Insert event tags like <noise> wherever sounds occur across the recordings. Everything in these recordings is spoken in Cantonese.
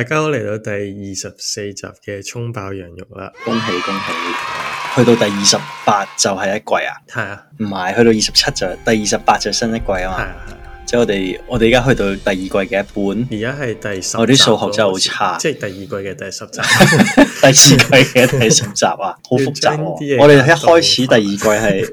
大家好，嚟到第二十四集嘅衝爆羊肉啦！恭喜恭喜，去到第二十八就係一季啊？係啊，唔係去到二十七就第二十八就新一季啊嘛？係啊，即係我哋我哋而家去到第二季嘅一半，而家係第十，我啲數學真係好差，即係第二季嘅第十集，第四季嘅第十集啊，好、 <laughs> 啊、複雜、啊、我哋一開始第二季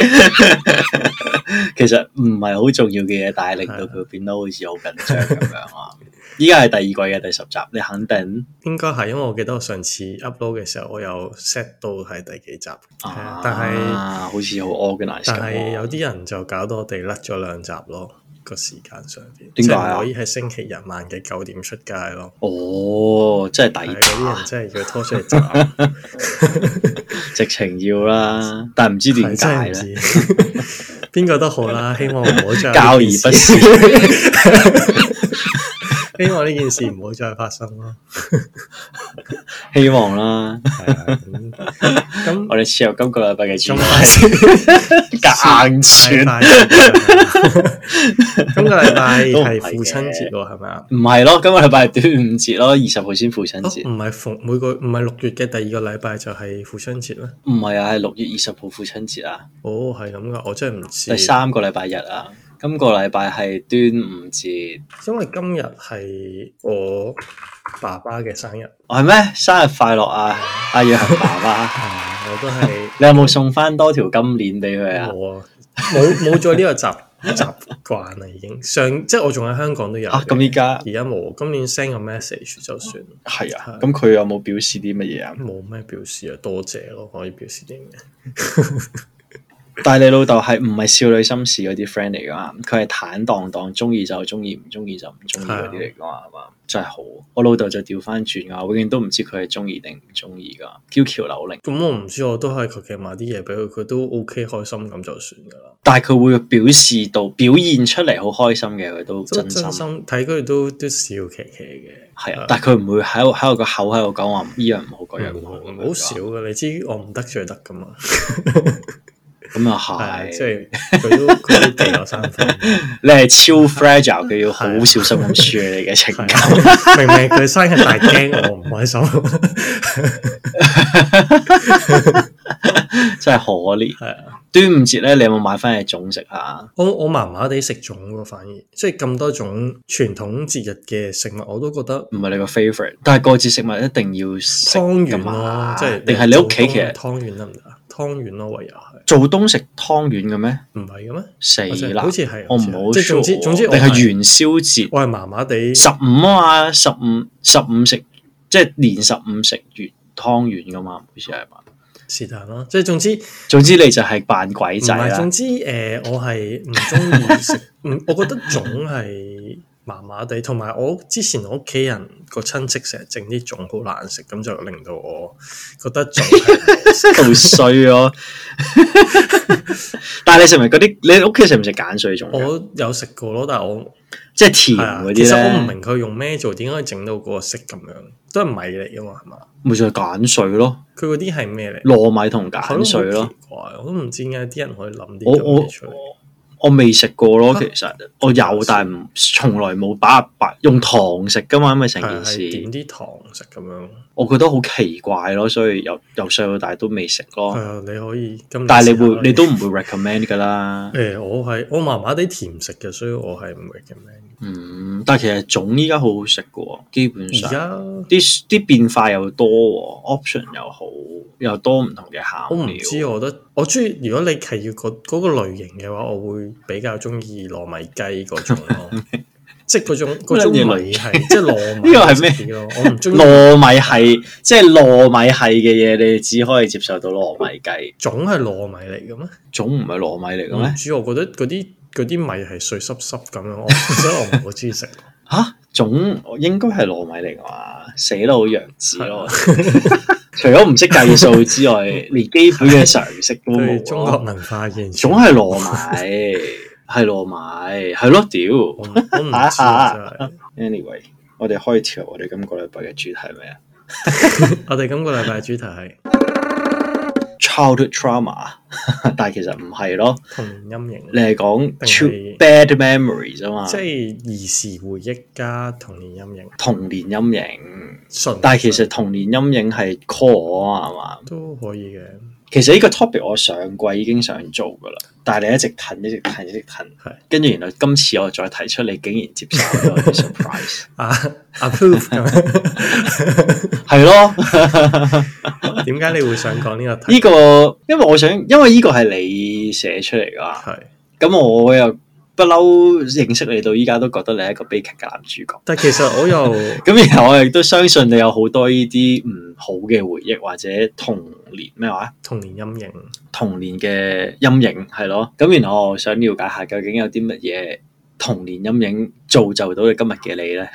係， <laughs> <laughs> 其實唔係好重要嘅嘢，但係令到佢變到好似好緊張咁樣啊！ <laughs> 依家係第二季嘅第十集，你肯定應該係，因為我記得我上次 upload 嘅時候，我有 set 到係第幾集，啊、但係是、啊、好似好 organize。但係有啲人就搞到我哋甩咗兩集咯，個時間上邊，點解，即係唔可以喺星期日晚嘅九點出街咯。哦，真係抵，嗰啲人真係要拖出嚟， <laughs> <laughs> 直情要啦，但係唔知點解咧？邊個都好啦，希望唔好再交而不善。希望呢件事唔會再發生咯，希望啦。 <laughs> 係啊，咁 <laughs> 我哋持有今個禮拜嘅錢係硬傳 帥大帥大帥 <laughs> 今個禮拜係父親節喎，係咪啊？唔係咯，今個禮拜係端午節咯，二十號先父親節。唔係逢每個唔係六月嘅第二個禮拜就係父親節咩？唔係啊，係六月二十號父親節啊。哦，係咁噶，我真係唔知。第三個禮拜日啊。今個禮拜係端午節，因為今日係我爸爸嘅生日，係咩？生日快樂啊，阿楊爸爸，我都係。你有冇送翻多條金鏈俾佢啊？冇冇咗呢個習習慣啦，已經上即係我仲喺香港都有啊，咁依家而家冇，今年 send 個 message 就算。係啊，咁佢有冇表示啲乜嘢啊？冇咩表示啊，多謝囉，可以表示啲乜嘢？但係你老豆係唔係少女心事嗰啲 friend 嚟噶，佢係坦蕩蕩，中意就中意，唔中意就唔中意嗰啲嚟噶嘛？係嘛的？真係好，我老豆就調翻轉啊！我永遠都唔知佢係中意定唔中意噶。Q Q 扭力，咁我唔知，我都係求其買啲嘢俾佢，佢都 O、OK, K 開心咁就算噶啦。但係佢會表示到，表現出嚟好開心嘅，佢都真心。睇佢都都笑騎騎嘅，係啊的。嗯、但係佢唔會喺我喺我個口喺度講話，呢樣唔好，嗰樣唔好。好少噶，你知我唔得罪得噶嘛？ <laughs> 咁又係，即係佢都佢都地有三分。你係超 fragile，佢要好小心咁處你嘅情感。明明佢生喺大廳，我唔開心。真係可憐。係啊，端午節咧，你有冇買翻嚟粽食下？我我麻麻地食粽咯，反而即係咁多種傳統節日嘅食物，我都覺得唔係你個 favorite。但係過節食物一定要食湯圓咯，即係定係你屋企其實湯圓得唔得？湯圓咯，唯有係做冬食湯圓嘅咩？唔係嘅咩？死啦！好似係我唔好，即係總之總之，你係、哦、元宵節，我係麻麻地十五啊嘛，十五十五食即係年十五食月湯圓噶嘛，好似係嘛？是但咯，即係總之總之，總之你就係扮鬼仔啦。總之誒、呃，我係唔中意食， <laughs> 我覺得總係。麻麻地，同埋我之前我屋企人個親戚成日整啲粽，好難食，咁就令到我覺得做好衰咯。但係你食唔食嗰啲？你屋企食唔食鹼水粽？我有食過咯，但係我即係甜啲。其實我唔明佢用咩做，點解整到嗰個色咁樣？都係米嚟㗎嘛，係嘛？咪就係鹼水咯。佢嗰啲係咩嚟？糯米同鹼水咯。奇怪，我都唔知點解啲人可以諗啲咁嘅我未食過咯，其實我有，但係唔從來冇把白用糖食㗎嘛，因為成件事點啲糖食咁樣，我覺得好奇怪咯，所以由由細到大都未食咯。係啊，你可以，但係你會你都唔會 recommend 㗎啦。誒，我係我麻麻哋甜食嘅，所以我係唔 recommend。嗯，但其實粽依家好好食嘅，基本上啲啲而家變化又多，option 又好，又多唔同嘅餡料。我唔知，我覺得我中意。如果你係要嗰、那、嗰、個那個類型嘅話，我會比較中意糯米雞嗰種咯，即係嗰種嗰種類型。即係糯米， <laughs> 呢個係咩？我唔中意糯米係，即、就、係、是、糯米係嘅嘢，你只可以接受到糯米雞。粽係糯米嚟嘅咩？粽唔係糯米嚟嘅咩？主要我覺得嗰啲。嗰啲米係碎濕濕咁樣，所以 <laughs> 我唔好中意食。吓、啊，總我應該係糯米嚟啩，死得好樣子咯。 <laughs> <laughs> 除咗唔識計數之外， <laughs> 連基本嘅常識都冇。 <laughs> 中國文化現象。總係糯米，係 <laughs> 糯米，係咯，屌， <laughs> 我唔知。 <laughs> <laughs> Anyway，我哋開條，我哋今個禮拜嘅主題係咩啊？ <laughs> <laughs> 我哋今個禮拜嘅主題係。Childhood trauma， <laughs> 但係其實唔係咯，童年陰影。你係是講是 bad memories 啫嘛，即係兒時回憶加童年陰影。童年陰影，信但係其實童年陰影係 core 啊嘛，吧都可以嘅。其實呢個 topic 我上季已經想做噶啦，但係你一直等，一直等，一直等，跟住的原來今次我再提出，你竟然接受咗 Surprise 啊？approve 係咯？點解你會想講呢個題目？呢個因為我想，因為呢個係你寫出嚟噶，係咁的我又。不嬲認識你到依家都覺得你係一個悲劇嘅男主角。但其實我又咁， <laughs> 然後我亦都相信你有好多呢啲唔好嘅回憶，或者童年咩話，童年陰影，童年嘅陰影係咯。咁然後我想了解下，究竟有啲乜嘢童年陰影造就到你今日嘅你呢？ <laughs>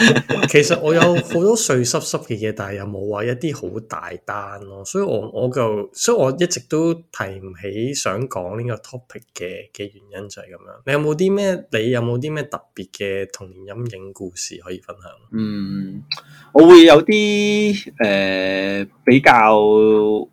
<laughs> 其實我有好多碎濕濕嘅嘢，但係又冇話一啲好大單咯，所以我我就，所以我一直都提唔起想講呢個 topic 嘅嘅原因就係咁樣。你有冇啲咩？你有冇啲咩特別嘅童年陰影故事可以分享？嗯，我會有啲誒、呃、比較。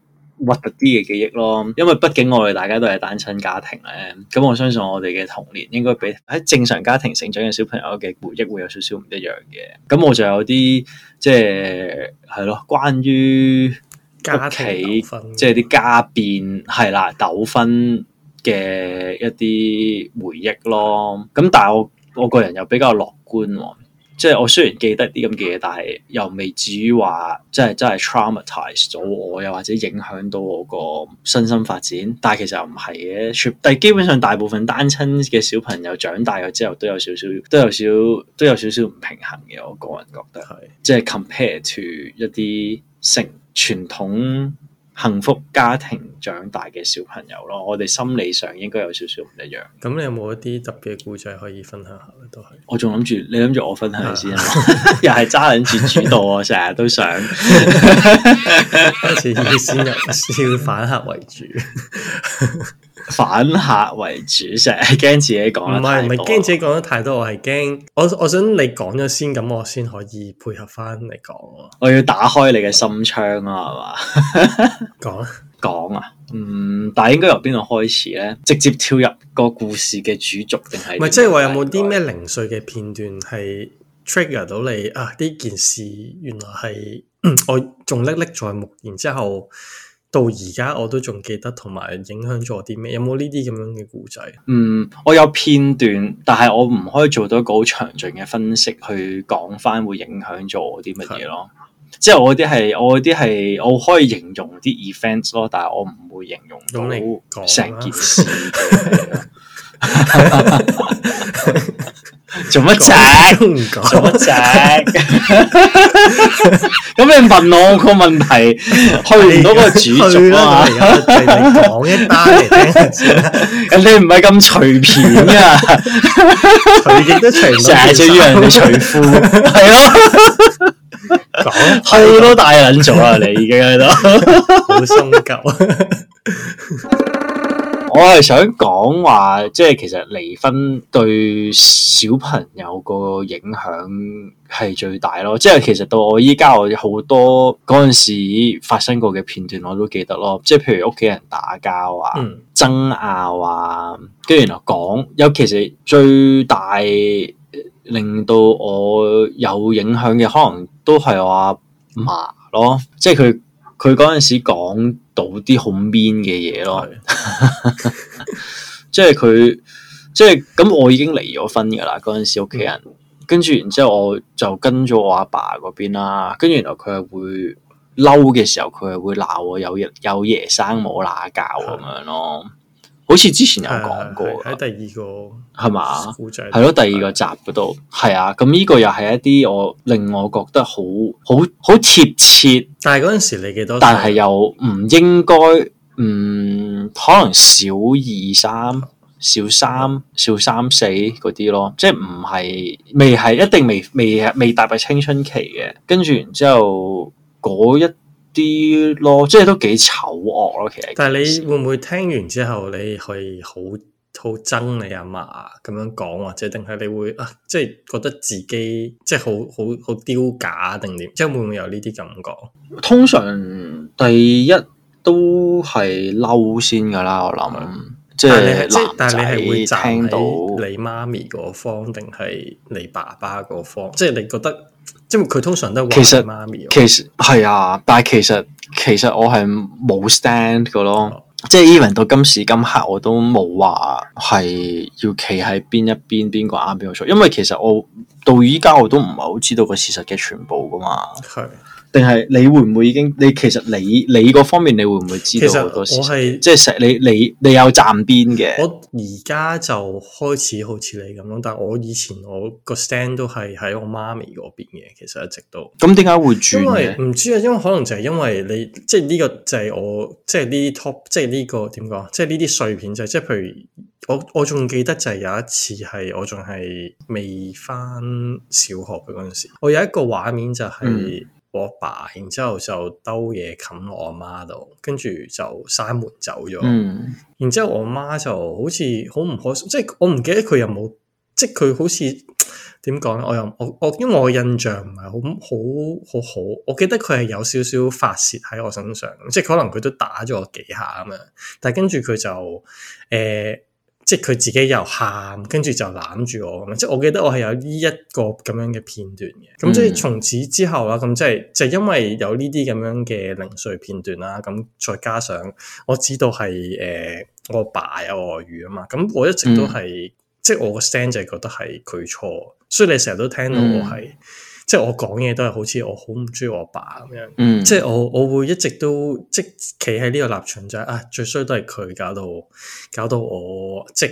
核突啲嘅記憶咯，因為畢竟我哋大家都係單親家庭咧，咁我相信我哋嘅童年應該比喺正常家庭成長嘅小朋友嘅回憶會有少少唔一樣嘅。咁我就有啲即係係咯，關於屋企即係啲家變係啦，糾紛嘅一啲回憶咯。咁但係我我個人又比較樂觀喎。即係我雖然記得啲咁嘅嘢，但係又未至於話即係真係 traumatise 咗我，又或者影響到我個身心發展。但係其實又唔係嘅，但係基本上大部分單親嘅小朋友長大咗之後都有少少都有少都有少少唔平衡嘅。我個人覺得係的即係 compare to 一啲成傳統幸福家庭長大嘅小朋友咯，我哋心理上應該有少少唔一樣。咁你有冇一啲特別嘅故仔可以分享下？都係我仲諗住，你諗住我分享先， <laughs> <laughs> 又係揸兩次主導 <laughs> 我成日都想， <laughs> <laughs> 以先入先反客為主。 <laughs> 反客為主，成日係驚自己講唔係，唔係驚自己講得太多，我係驚我，我想你講咗先，咁我先可以配合翻你講。我要打開你嘅心窗 <laughs> 啊，係嘛？講啊講啊，嗯，但係應該由邊度開始咧？直接跳入個故事嘅主軸定係？唔係即係話有冇啲咩零碎嘅片段係 trigger 到你啊？呢件事原來係我仲歷歷在目，然之後。到而家我都仲記得，同埋影響咗啲咩？有冇呢啲咁樣嘅故仔？嗯，我有片段，但係我唔可以做到一個好詳盡嘅分析，去講返會影響咗我啲乜嘢咯。是的 即係我啲係，我啲係，我可以形容啲 events 咯，但係我唔會形容到成件事。 <laughs> 做乜啫？做乜啫？咁你問我個問題，去唔到個主角啊？講一單嚟聽先，你唔係咁隨便噶，成日追住人哋隨富，係咯？好多大卵咗啊！你嘅都唔想講。我係想講話，即係其實離婚對小朋友個影響係最大咯。即係其實到我依家，我好多嗰陣時發生過嘅片段我都記得咯。即係譬如屋企人打交啊、嗯、爭拗啊，跟住然後講。尤其最大令到我有影響嘅，可能都係我阿嫲咯，即係佢。佢嗰陣時講到啲好 mean 嘅嘢咯， <laughs> <laughs> 即，即係佢即係咁，我已經離咗婚噶啦。嗰陣時屋企人，跟住然之後我就跟咗我阿爸嗰邊啦。跟住原來佢係會嬲嘅時候，佢係會鬧我有有爺生冇乸教咁樣咯。好似之前有講過喺、啊、第二個係嘛？係咯吧，第二個集嗰度係啊。咁呢個又係一啲我令我覺得好好好貼切。但係嗰陣時你幾多？但係又唔應該，嗯，可能小二三、小三、小三四嗰啲咯，即係唔係未係一定未未未踏入青春期嘅。跟住然之後嗰一。啲咯，即係都幾醜惡咯，其實。但係你會唔會聽完之後你可以，你去好好憎你阿嫲？咁樣講，或者定係你會啊？即係覺得自己即係好好好丟架定點？即係會唔會有呢啲感覺？通常第一都係嬲先㗎喇，我諗。的即係男仔，但你係會你媽媽聽到你媽咪嗰方定係你爸爸嗰方？即係你覺得？即係佢通常都話其實，其實係啊，但係其實其實我係冇 stand 個咯， <music> 即係 even 到今時今刻，我都冇話係要企喺邊一邊，邊個啱邊個錯，因為其實我到依家我都唔係好知道個事實嘅全部噶嘛。 <music> 定係你會唔會已經？你其實你你嗰方面你會會你，你會唔會知道好多事情？其實我係，即係你你你有站邊嘅？我而家就開始好似你咁咯，但我以前我個 stand 都係喺我媽咪嗰邊嘅，其實一直都。咁點解會轉？因為唔知啊，因為可能就係因為你，即係呢個就係我，即係呢啲 top，即係呢個點講？即係呢啲碎片就係，即係譬如我我仲記得就係有一次係我仲係未翻小學嘅嗰陣時，我有一個畫面就係、嗯。我爸，然之後就兜嘢冚我阿媽度，跟住就閂門走咗。嗯、然之後我媽就好似好唔開心，即係我唔記得佢有冇，即係佢好似點講咧？我又我我因為我印象唔係好好好好，我記得佢係有少少發洩喺我身上，即係可能佢都打咗我幾下咁樣，但係跟住佢就誒。呃即係佢自己又喊，跟住就攬住我咁，即係我記得我係有呢一個咁樣嘅片段嘅。咁、嗯、即係從此之後啦，咁即係就因為有呢啲咁樣嘅零碎片段啦，咁再加上我知道係誒、呃、我爸有外遇啊嘛，咁我一直都係、嗯、即係我個聲就係覺得係佢錯，所以你成日都聽到我係。嗯即係我講嘢都係好似我好唔中意我爸咁樣，嗯、即係我我會一直都即企喺呢個立場就係、是、啊最衰都係佢搞到搞到我即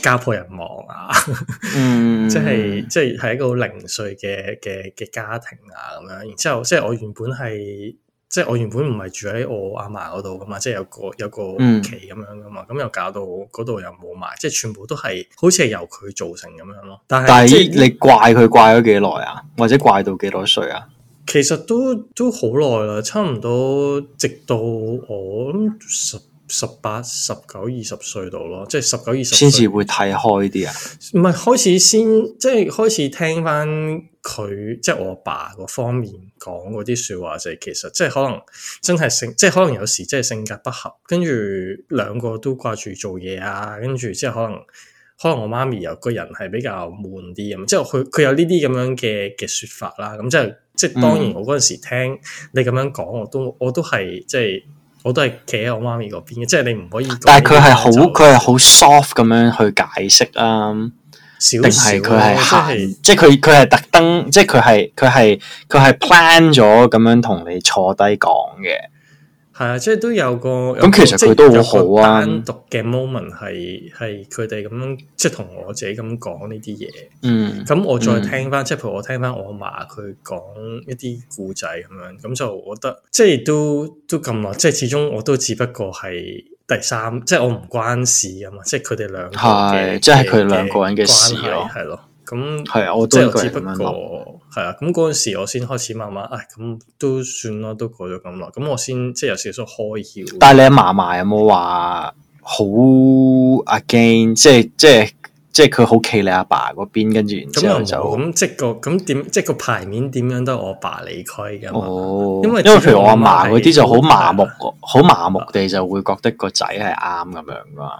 家破人亡啊， <laughs> 嗯、即係即係係一個零碎嘅嘅嘅家庭啊咁樣，然之後即係我，我原本係。即係我原本唔係住喺我阿嫲嗰度噶嘛，即係有個有個屋企咁樣噶嘛，咁、嗯、又搞到嗰度又冇埋，即係全部都係好似係由佢造成咁樣咯。但係但係即係你怪佢怪咗幾耐啊？或者怪到幾多歲啊？其實都都好耐啦，差唔多直到我十十八、十九、二十歲到咯，即係十九、二十先至會睇開啲啊。唔係開始先，即係開始聽翻。佢即係我爸嗰方面講嗰啲説話、就是，就係其實即係可能真係性，即係可能有時真係性格不合，跟住兩個都掛住做嘢啊，跟住即係可能可能我媽咪又個人係比較悶啲咁，即係佢佢有呢啲咁樣嘅嘅説法啦。咁、就是、即係即係當然我嗰陣時聽你咁樣講，嗯、我都我都係即係我都係企喺我媽咪嗰邊嘅。即係你唔可以，但係佢係好佢係好 soft 咁樣去解釋啊。定係佢係行，即係佢佢係特登，即係佢係佢係佢係 plan 咗咁樣同你坐低講嘅，係啊，即係都有個咁其實佢都好好啊，單獨嘅 moment 係係佢哋咁樣即係同我自己咁講呢啲嘢，嗯，咁我再聽翻，即係譬如我聽翻我阿嫲佢講一啲故仔咁樣，咁就我覺得即係都都咁啊，即係始終我都只不過係。第三，即係我唔關事啊嘛，即係佢哋兩個，係即係佢哋兩個人嘅事咯，係咯鍵，咁係啊，我都即係只不過係啊，咁嗰陣時我先開始慢慢，唉，咁都算啦，都過咗咁耐，咁我先即係有少少開竅。但係你阿嫲嫲有冇話好 again，即、係、即、係？即係即係佢好企你阿爸嗰邊，跟住然之後就咁，即係個咁點，即係個牌面點樣都係我阿爸理虧㗎嘛。哦、因為因為譬如我阿嫲嗰啲就好麻木好麻木地就會覺得個仔係啱咁樣噶嘛。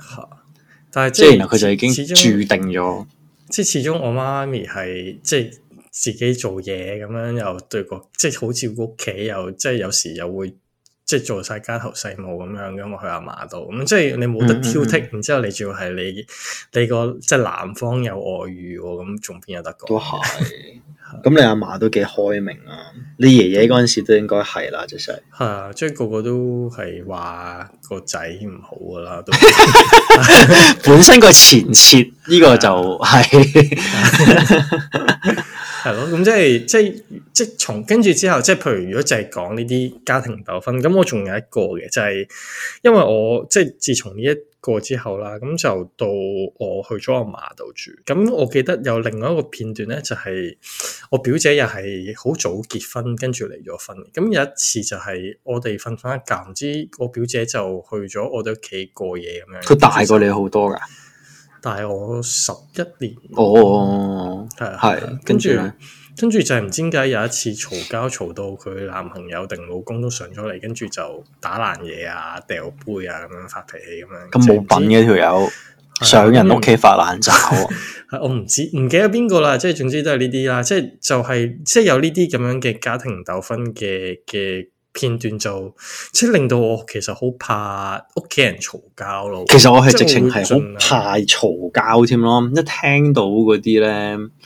但係即係佢就已經注定咗。即係始終我媽咪係即係自己做嘢咁樣，又對個即係好似屋企又即係有時又會。即係做晒家頭細務咁樣，因為佢阿嫲度咁，即係你冇得挑剔。然之後你仲要係你你個即係男方有外遇，咁仲邊有得講？都係是。咁 <laughs> 你阿嫲都幾開明啊？你爺爺嗰陣時都應該係啦，其實係啊，即係個個都係話個仔唔好噶啦。本身個前設呢個就係係咯，咁即係即係。即係從跟住之後，即係譬如如果就係講呢啲家庭糾紛，咁我仲有一個嘅就係、是，因為我即係自從呢一個之後啦，咁就到我去咗我阿嫲度住。咁我記得有另外一個片段咧，就係、是、我表姐又係好早結婚，跟住離咗婚。咁有一次就係我哋瞓翻一覺，唔知我表姐就去咗我哋屋企過夜咁樣。佢大過你好多噶，大我十一年。哦，係係跟住。跟住就係唔知點解有一次嘈交嘈到佢男朋友定老公都上咗嚟，跟住就打爛嘢啊、掉杯啊咁樣發脾氣咁樣。咁冇品嘅條友上人屋企 <laughs> 發爛渣。 <laughs> 我唔知唔記得邊個啦，即係總之都係呢啲啦，即係就係即係有呢啲咁樣嘅家庭糾紛嘅嘅。片段就即係令到我其實好怕屋企人嘈交咯。其實我係直情係好怕嘈交添咯。一聽到嗰啲咧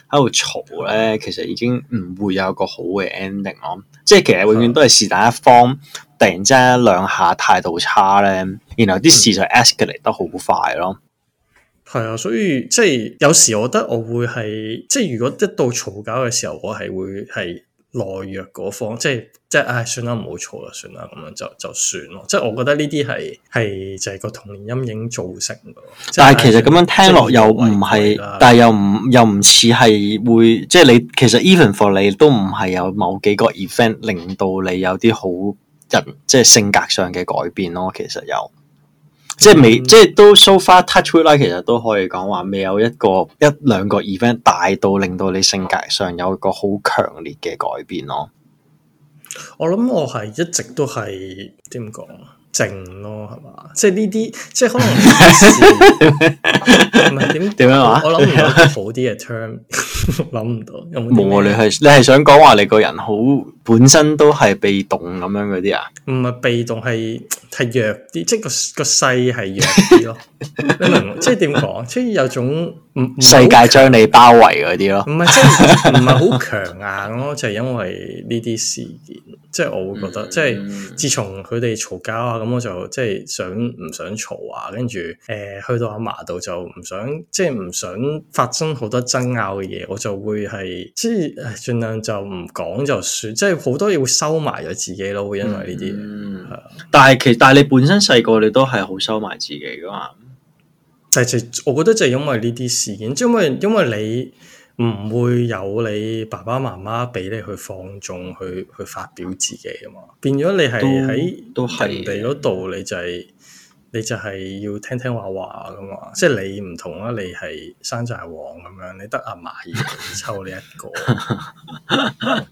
喺度嘈咧，的其實已經唔會有個好嘅 ending 咯。即係其實永遠都係是但一方突然之間兩下態度差咧，然後啲事就 escalate 得好快咯。係啊，所以即係有時我覺得我會係即係如果一到嘈交嘅時候，我係會係。懦弱嗰方，即係即係，唉、哎，算啦，唔好嘈啦，算啦，咁樣就就算咯。即係我覺得呢啲係係就係、是、個童年陰影造成嘅。但係其實咁樣聽落又唔係，為為為但係又唔又唔似係會，即係你其實 even for 你都唔係有某幾個 event 令到你有啲好人，即係性格上嘅改變咯。其實有。即係未，嗯、即係都 so far touch wood 啦。其實都可以講話未有一個一兩個 event 大到令到你性格上有一個好強烈嘅改變咯。我諗我係一直都係點講靜咯，係嘛？即係呢啲，即係可能唔係點點樣話？我諗有好啲嘅 term。 <laughs> 諗唔 <laughs> 到，冇啊！你係你係想講話你個人好本身都係被動咁樣嗰啲啊？唔係被動係係弱啲，即係個個勢係弱啲咯。 <laughs> 你明唔明？即係點講？即係有種世界將你包圍嗰啲咯。唔係即係唔係好強硬咯， <laughs> 就係因為呢啲事件，即係我會覺得，嗯、即係自從佢哋嘈交啊，咁我就即係想唔想嘈啊，跟住誒去到阿嫲度就唔想，即係唔想發生好多爭拗嘅嘢。就會係，即、啊、係盡量就唔講就算，即係好多嘢會收埋咗自己咯，會因為呢啲、嗯。嗯，但係其實但係你本身細個，你都係好收埋自己噶嘛？嗯、就係、是、我覺得就係因為呢啲事件，即、就、係、是、因為、嗯、因為你唔會有你爸爸媽媽俾你去放縱，去去發表自己噶嘛。變咗你係喺到人哋嗰度，你就係、是。你就係要聽聽話話噶嘛，即係你唔同啦，你係山寨王咁樣，你得阿嫲湊你一個，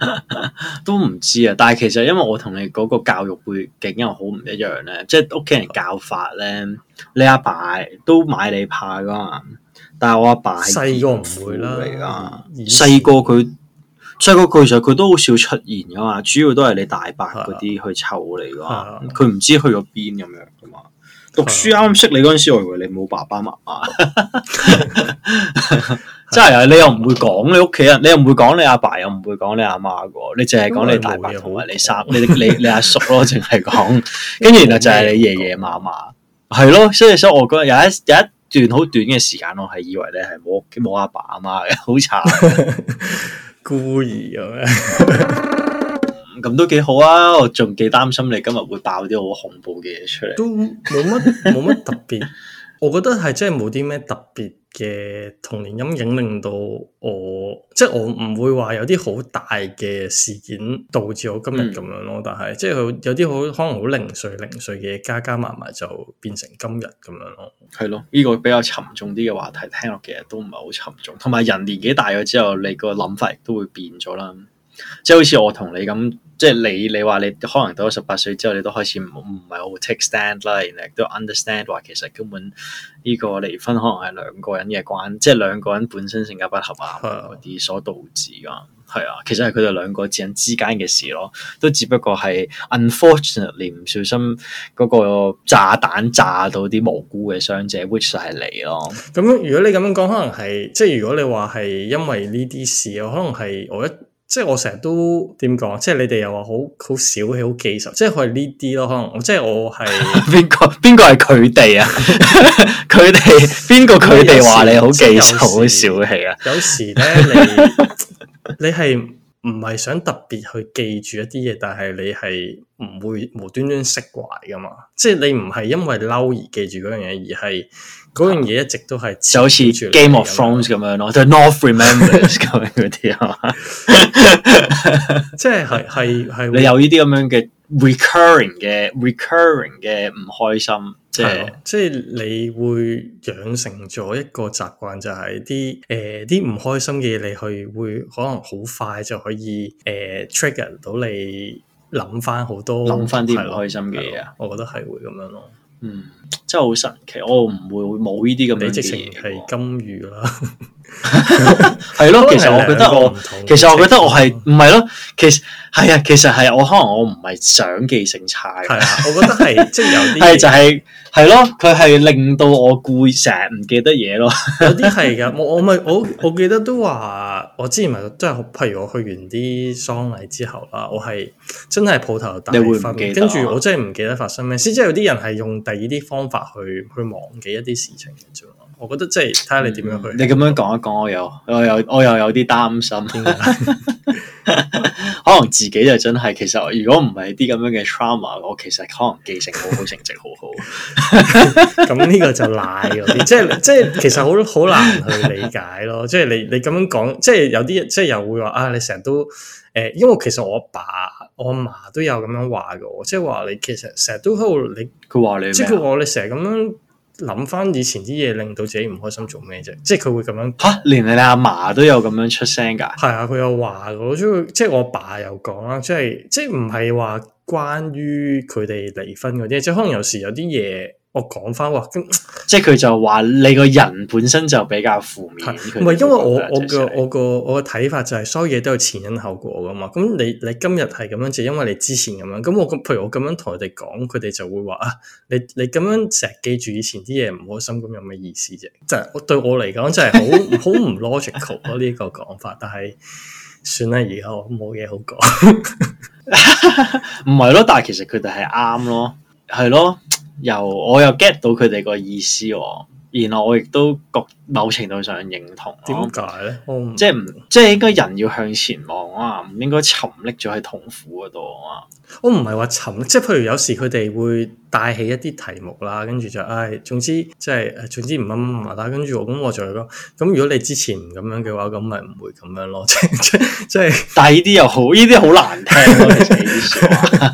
都唔知啊！但係其實因為我同你嗰個教育背景又好唔一樣咧，即係屋企人教法咧，你阿爸都買你怕噶嘛，但係我阿爸細個唔會啦，細個佢細個佢其實佢都好少出現噶嘛，主要都係你大伯嗰啲去湊你噶，佢唔了知去咗邊咁樣噶嘛。讀書啱識你嗰陣時，我以為你冇爸爸媽媽， <laughs> <laughs> <laughs> 真係啊！你又唔會講你屋企人，你又唔會講你阿爸，爸，又唔會講你阿媽噶，你淨係講你大伯好埋你三，你你你，你阿叔咯，淨係講，跟住然後就係你爺爺嫲嫲，係咯，所以所以，我覺得有一有一段好短嘅時間，我係以為你係冇冇阿爸阿媽嘅，好慘，孤 <laughs> 兒咁樣。咁都幾好啊！我仲幾擔心你今日會爆啲好恐怖嘅嘢出嚟。都冇乜冇乜特別， <laughs> 我覺得係真係冇啲咩特別嘅童年陰影令到我，即係我唔會話有啲好大嘅事件導致我今日咁樣咯。嗯、但係即係有有啲好可能好零碎零碎嘅嘢，加加埋埋就變成今日咁樣咯。係咯，呢個比較沉重啲嘅話題，聽落其實都唔係好沉重。同埋人年紀大咗之後，你個諗法亦都會變咗啦。即係好似我同你咁。即係你，你話你可能到咗十八歲之後，你都開始唔唔係好 take stand 啦，亦都 understand 話其實根本呢個離婚可能係兩個人嘅關係，即係兩個人本身性格不合啊，嗰啲所導致噶，係啊的，其實係佢哋兩個自己之間嘅事咯，都只不過係 unfortunately 唔小心嗰個炸彈炸到啲無辜嘅傷者，which 就係你咯。咁如果你咁樣講，可能係即係如果你話係因為呢啲事，可能係我一。即係我成日都點講？即係你哋又話好好小氣、好記仇，即係佢係呢啲咯。可能即係我係邊個？邊個係佢哋啊？佢哋邊個？佢哋話你好記仇、好小氣啊？有時咧，你你係唔係想特別去記住一啲嘢， <laughs> 但係你係唔會無端端釋懷噶嘛？即係你唔係因為嬲而記住嗰樣嘢，而係。嗰樣嘢一直都係就好似 Game of Thrones 咁樣咯，就 North Remembers 咁樣嗰啲啊，即係係係你有呢啲咁樣嘅 recurring 嘅 recurring 嘅唔開心，即係即係你會養成咗一,一個習慣，就係啲誒啲唔開心嘅嘢，你去會可能好快就可以誒 trigger 到你諗翻好多諗翻啲唔開心嘅嘢。我覺得係會咁樣咯。嗯，真係好神奇，我唔會冇呢啲咁嘅事情。係金魚啦，係咯 <laughs> 了。 <laughs> 其實我覺得我其實我覺得我係唔係咯，其實係啊，其實係我可能我唔係想記性差係啊。我覺得係即係有啲嘢就係。係咯，佢係令到我攰，成日唔記得嘢。咯有啲係噶，我我咪我，我記得都話，我之前咪真係，譬如我去完啲喪禮之後啦，我係真係鋪頭大，跟住我真係唔記得發生咩事。即係有啲人係用第二啲方法去去忘記一啲事情嘅啫。我覺得即係睇下你點樣去。你咁樣講一講，我又我有我又有啲擔心。天啊、 <laughs> <laughs> 可能自己就真係，其實如果唔係啲咁樣嘅 trauma，我其實可能記性好好，成績好好。咁 <laughs> 呢 <laughs> 個就賴嗰啲，即係即係其實好好難去理解咯。即係你你咁樣講，即係有啲即係又會話啊！你成日都誒、呃，因為其實我阿爸我阿媽都有咁樣話我，即係話你其實成日都喺度你。佢話你，即係佢話你成日咁樣。諗翻以前啲嘢，令到自己唔開心做咩啫？即係佢會咁樣吓、啊，連你阿嫲都有咁樣出聲噶？係啊，佢有話嘅，即係即係我阿爸又講啦，即係即係唔係話關於佢哋離婚嗰啲，即係可能有時有啲嘢。我講翻喎，即係佢就話你個人本身就比較負面。唔係是，因為我、就是、我個我個我個睇法就係，所有嘢都有前因後果噶嘛。咁你你今日係咁樣，就因為你之前咁樣。咁我譬如我咁樣同佢哋講，佢哋就會話啊，你你咁樣成日記住以前啲嘢唔開心，咁有咩意思啫？就是、對我嚟講就，就係好好唔 logical 咯呢個講法。但係算啦，以後冇嘢好講，唔係咯。但係其實佢哋係啱咯，係咯。又我又 get 到佢哋個意思，然後我亦都覺某程度上認同。點解咧？即係唔即係應該人要向前望啊，唔應該沉溺咗喺痛苦嗰度啊。我唔係話沉，即係譬如有時佢哋會帶起一啲題目啦，跟住就唉、哎，總之即係總之唔啱唔啱啦。跟住我咁我就係講咁，如果你之前唔咁樣嘅話，咁咪唔會咁樣咯。即即即係但係呢啲又好呢啲好難聽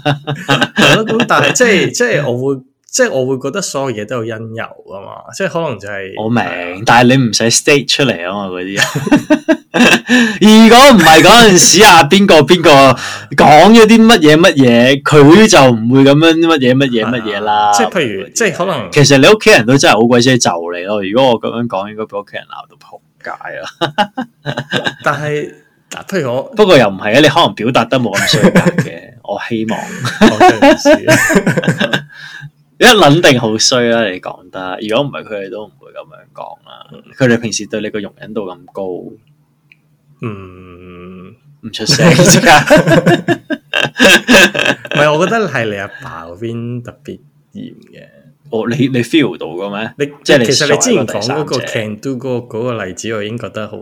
咯。咁 <laughs> <laughs> 但係即係即係我會。即係我會覺得所有嘢都有因由噶嘛，即係可能就係、是、我明，嗯、但係你唔使 state 出嚟啊嘛，嗰啲如果唔係嗰陣時啊，邊個邊個講咗啲乜嘢乜嘢，佢就唔會咁樣乜嘢乜嘢乜嘢啦。即係譬如，即係可能其實你屋企人都真係好鬼死咒你咯。如果我咁樣講，應該俾屋企人鬧到仆街啊。但係嗱，譬如我不過又唔係啊，你可能表達得冇咁衰格嘅。 <laughs> 我希望我真係唔知 <laughs> 一諗定好衰啦！你講得，如果唔係佢哋都唔會咁樣講啦。佢哋平時對你個容忍度咁高，嗯，唔出聲。即刻。唔係，我覺得係你阿爸嗰邊特別嚴嘅。哦，你你 feel 到嘅咩？你即係其實你之前講嗰個 can do 嗰個嗰個例子，我已經覺得好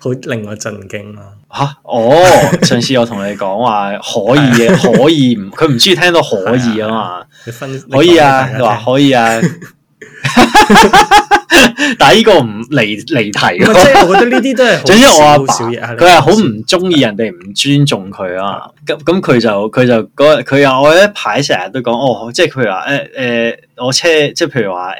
好 <laughs> 令我震驚啦！嚇、啊，哦、oh，上次我同你講話 <laughs> 可以，嘅，可以唔佢唔中意聽到可以 <laughs> 啊嘛？啊啊你分可以啊，你話可以啊。 <laughs> <laughs> <laughs> 但係呢個唔離離題，即係我覺得呢啲都係總之我阿爸佢係好唔中意人哋唔是的 尊重佢啊，咁咁佢就佢就嗰佢又我一排成日都講哦，即係、呃呃、譬如話誒誒我車即係譬如話誒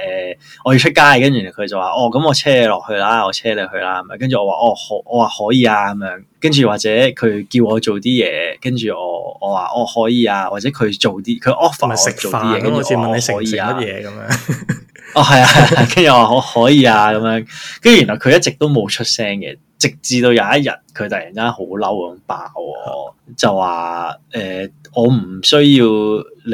我要出街，跟住佢就話哦咁我車你落去啦，我車你去啦，咁啊跟住我話哦可我話可以啊咁樣。跟住或者佢叫我做啲嘢，跟住我我話我可以啊，或者佢做啲佢 offer 我做啲嘢，跟住飯問你食乜嘢。咁樣，哦係啊，跟住我可可以啊，咁、 <laughs> 哦啊啊、樣，跟住原來佢一直都冇出聲嘅，直至到有一日佢突然間好嬲咁爆我， <laughs> 就話誒、呃、我唔需要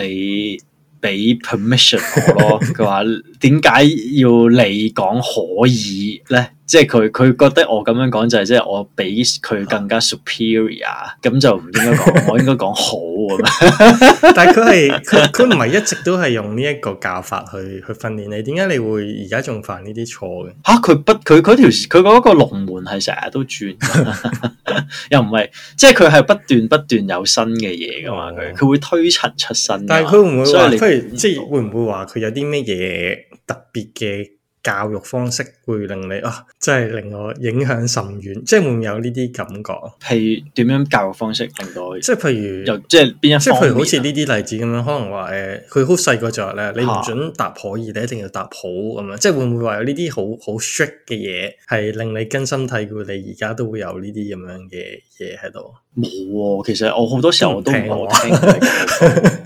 你俾 permission 我咯，佢話點解要你講可以咧？即係佢佢覺得我咁樣講就係即係我比佢更加 superior，咁、啊、就唔應該講， <laughs> 我應該講好咁樣 <laughs> <laughs> 但係佢係佢佢唔係一直都係用呢一個教法去去訓練你，點解你會而家仲犯呢啲錯嘅？吓佢、啊、不佢佢條佢嗰個龍門係成日都轉， <laughs> <laughs> 又唔係，即係佢係不斷不斷有新嘅嘢噶嘛？佢佢會推陳出新。但係佢會唔會話，不如即係會唔會話佢有啲咩嘢特別嘅？教育方式會令你啊，真係令我影響甚遠，即係會唔會有呢啲感覺。係點樣教育方式令到？即係譬如即係邊一？即係譬如好似呢啲例子咁樣，可能話誒，佢好細個就話咧，你唔准答可以，你一定要答好咁樣。即係解 subscribe 會唔會話有呢啲好好 shake 嘅嘢，係令你根深蒂固，你而家都會有呢啲咁樣嘅嘢喺度？冇啊，其實 <laughs> 我好多時候都冇聽。係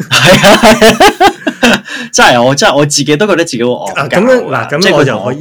啊。 <laughs> 真係我真係我自己都覺得自己好惡咁樣嗱，咁呢個就可以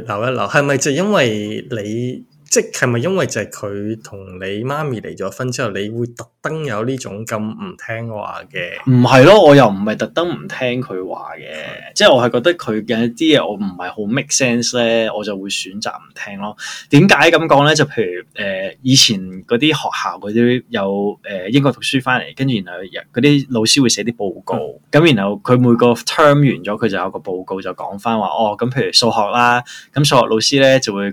再留一留，係咪就係因為你？即係咪因為就係佢同你媽咪離咗婚之後，你會特登有呢種咁唔聽話嘅？唔係咯，我又唔係特登唔聽佢話嘅，的即係我係覺得佢有啲嘢我唔係好 make sense 咧，我就會選擇唔聽咯。點解咁講咧？就譬如誒、呃，以前嗰啲學校嗰啲有誒、呃、英國讀書翻嚟，跟住然後嗰啲老師會寫啲報告，咁、嗯、然後佢每個 term 完咗，佢就有個報告就講翻話哦。咁譬如數學啦，咁數學老師咧就會。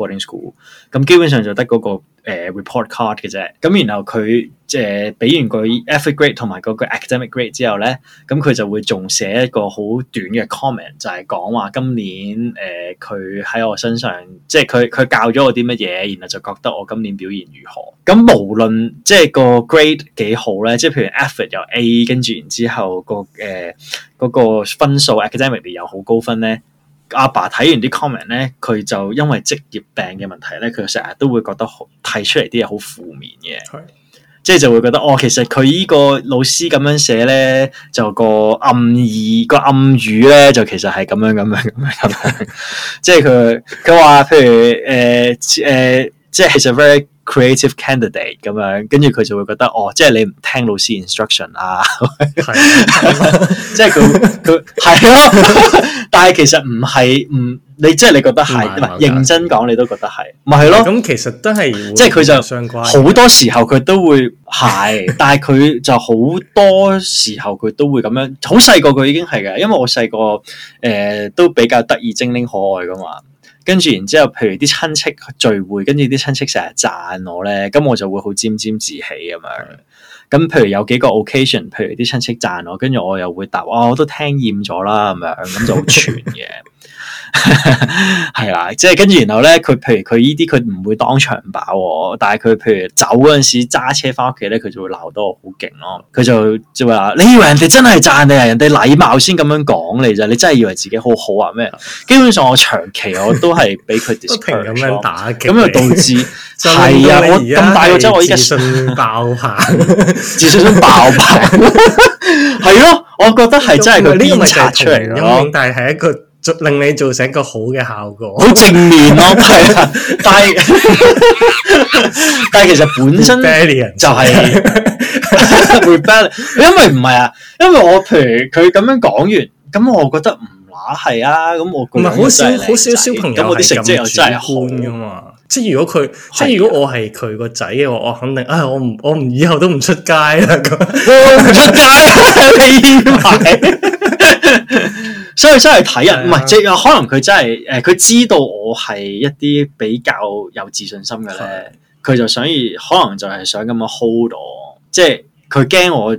boarding school，咁基本上就得嗰個誒、呃、report card 嘅啫，咁然後佢即係俾完個 effort grade 同埋嗰個 academic grade 之後咧，咁佢就會仲寫一個好短嘅 comment，就係講話今年誒佢喺我身上，即係佢佢教咗我啲乜嘢，然後就覺得我今年表現如何。咁無論即係個 grade 幾好咧，即係譬如 effort 又 A，跟住然之後、嗰個誒、呃嗰個分數 academic 又好高分咧。阿爸睇完啲 comment 咧，佢就因為職業病嘅問題咧，佢成日都會覺得好睇出嚟啲嘢好負面嘅，的即係就會覺得哦，其實佢依個老師咁樣寫咧，就個暗意、個暗語咧，就其實係咁樣，樣，樣，樣、咁 <laughs> 樣、 <laughs> <laughs> 咁樣、呃呃呃，即係佢佢話譬如誒誒，即係其實十分。creative candidate 咁樣，跟住佢就會覺得哦，即係你唔聽老師 instruction 啊， <laughs> <laughs> <laughs> 即係佢佢係咯，啊、 <laughs> 但係其實唔係唔你即係、就是、你覺得係唔係？認真講你都覺得係，唔係咯？咁、啊、其實都係即係佢就好多時候佢都會係，啊、 <laughs> 但係佢就好多時候佢都會咁樣。好細個佢已經係嘅，因為我細個誒都比較得意精靈可愛噶嘛。跟住然之後，譬如啲親戚聚會，跟住啲親戚成日讚我咧，咁我就會好沾沾自喜咁樣。咁譬如有幾個 occasion，譬如啲親戚讚我，跟住我又會答我、哦，我都聽厭咗啦咁樣，咁就好串嘅。 <laughs> 係啦，即係跟住，然後咧，佢譬如佢呢啲，佢唔會當場爆，但係佢譬如走嗰陣時揸車翻屋企咧，佢就會鬧到我好勁咯。佢就就話：你以為人哋真係讚你啊？人哋禮貌先咁樣講你咋？你真係以為自己好好啊？咩？基本上我長期我都係俾佢不停咁樣打，咁就導致係啊！我咁大個仔我而家想爆下，自信想爆下，係咯？我覺得係真係個觀察出嚟咯，但係係一個。令你做成一個好嘅效果，好正面咯，係啦。但係但係其實本身就係、是， <laughs> 因為唔係啊，因為我譬如佢咁樣講完，咁我覺得唔乸係啊。咁我唔係好少，好少小朋友係咁樣主觀噶嘛。即係如果佢，的即係如果我係佢個仔嘅話，我肯定啊、哎，我唔，我唔以後都唔出街啦。 <laughs> 我唔出街，你唔係。所以真係睇人，唔係即係可能佢真係誒，佢知道我係一啲比較有自信心嘅咧，佢、啊、就想，可能就係想咁樣 hold 到，即係佢驚我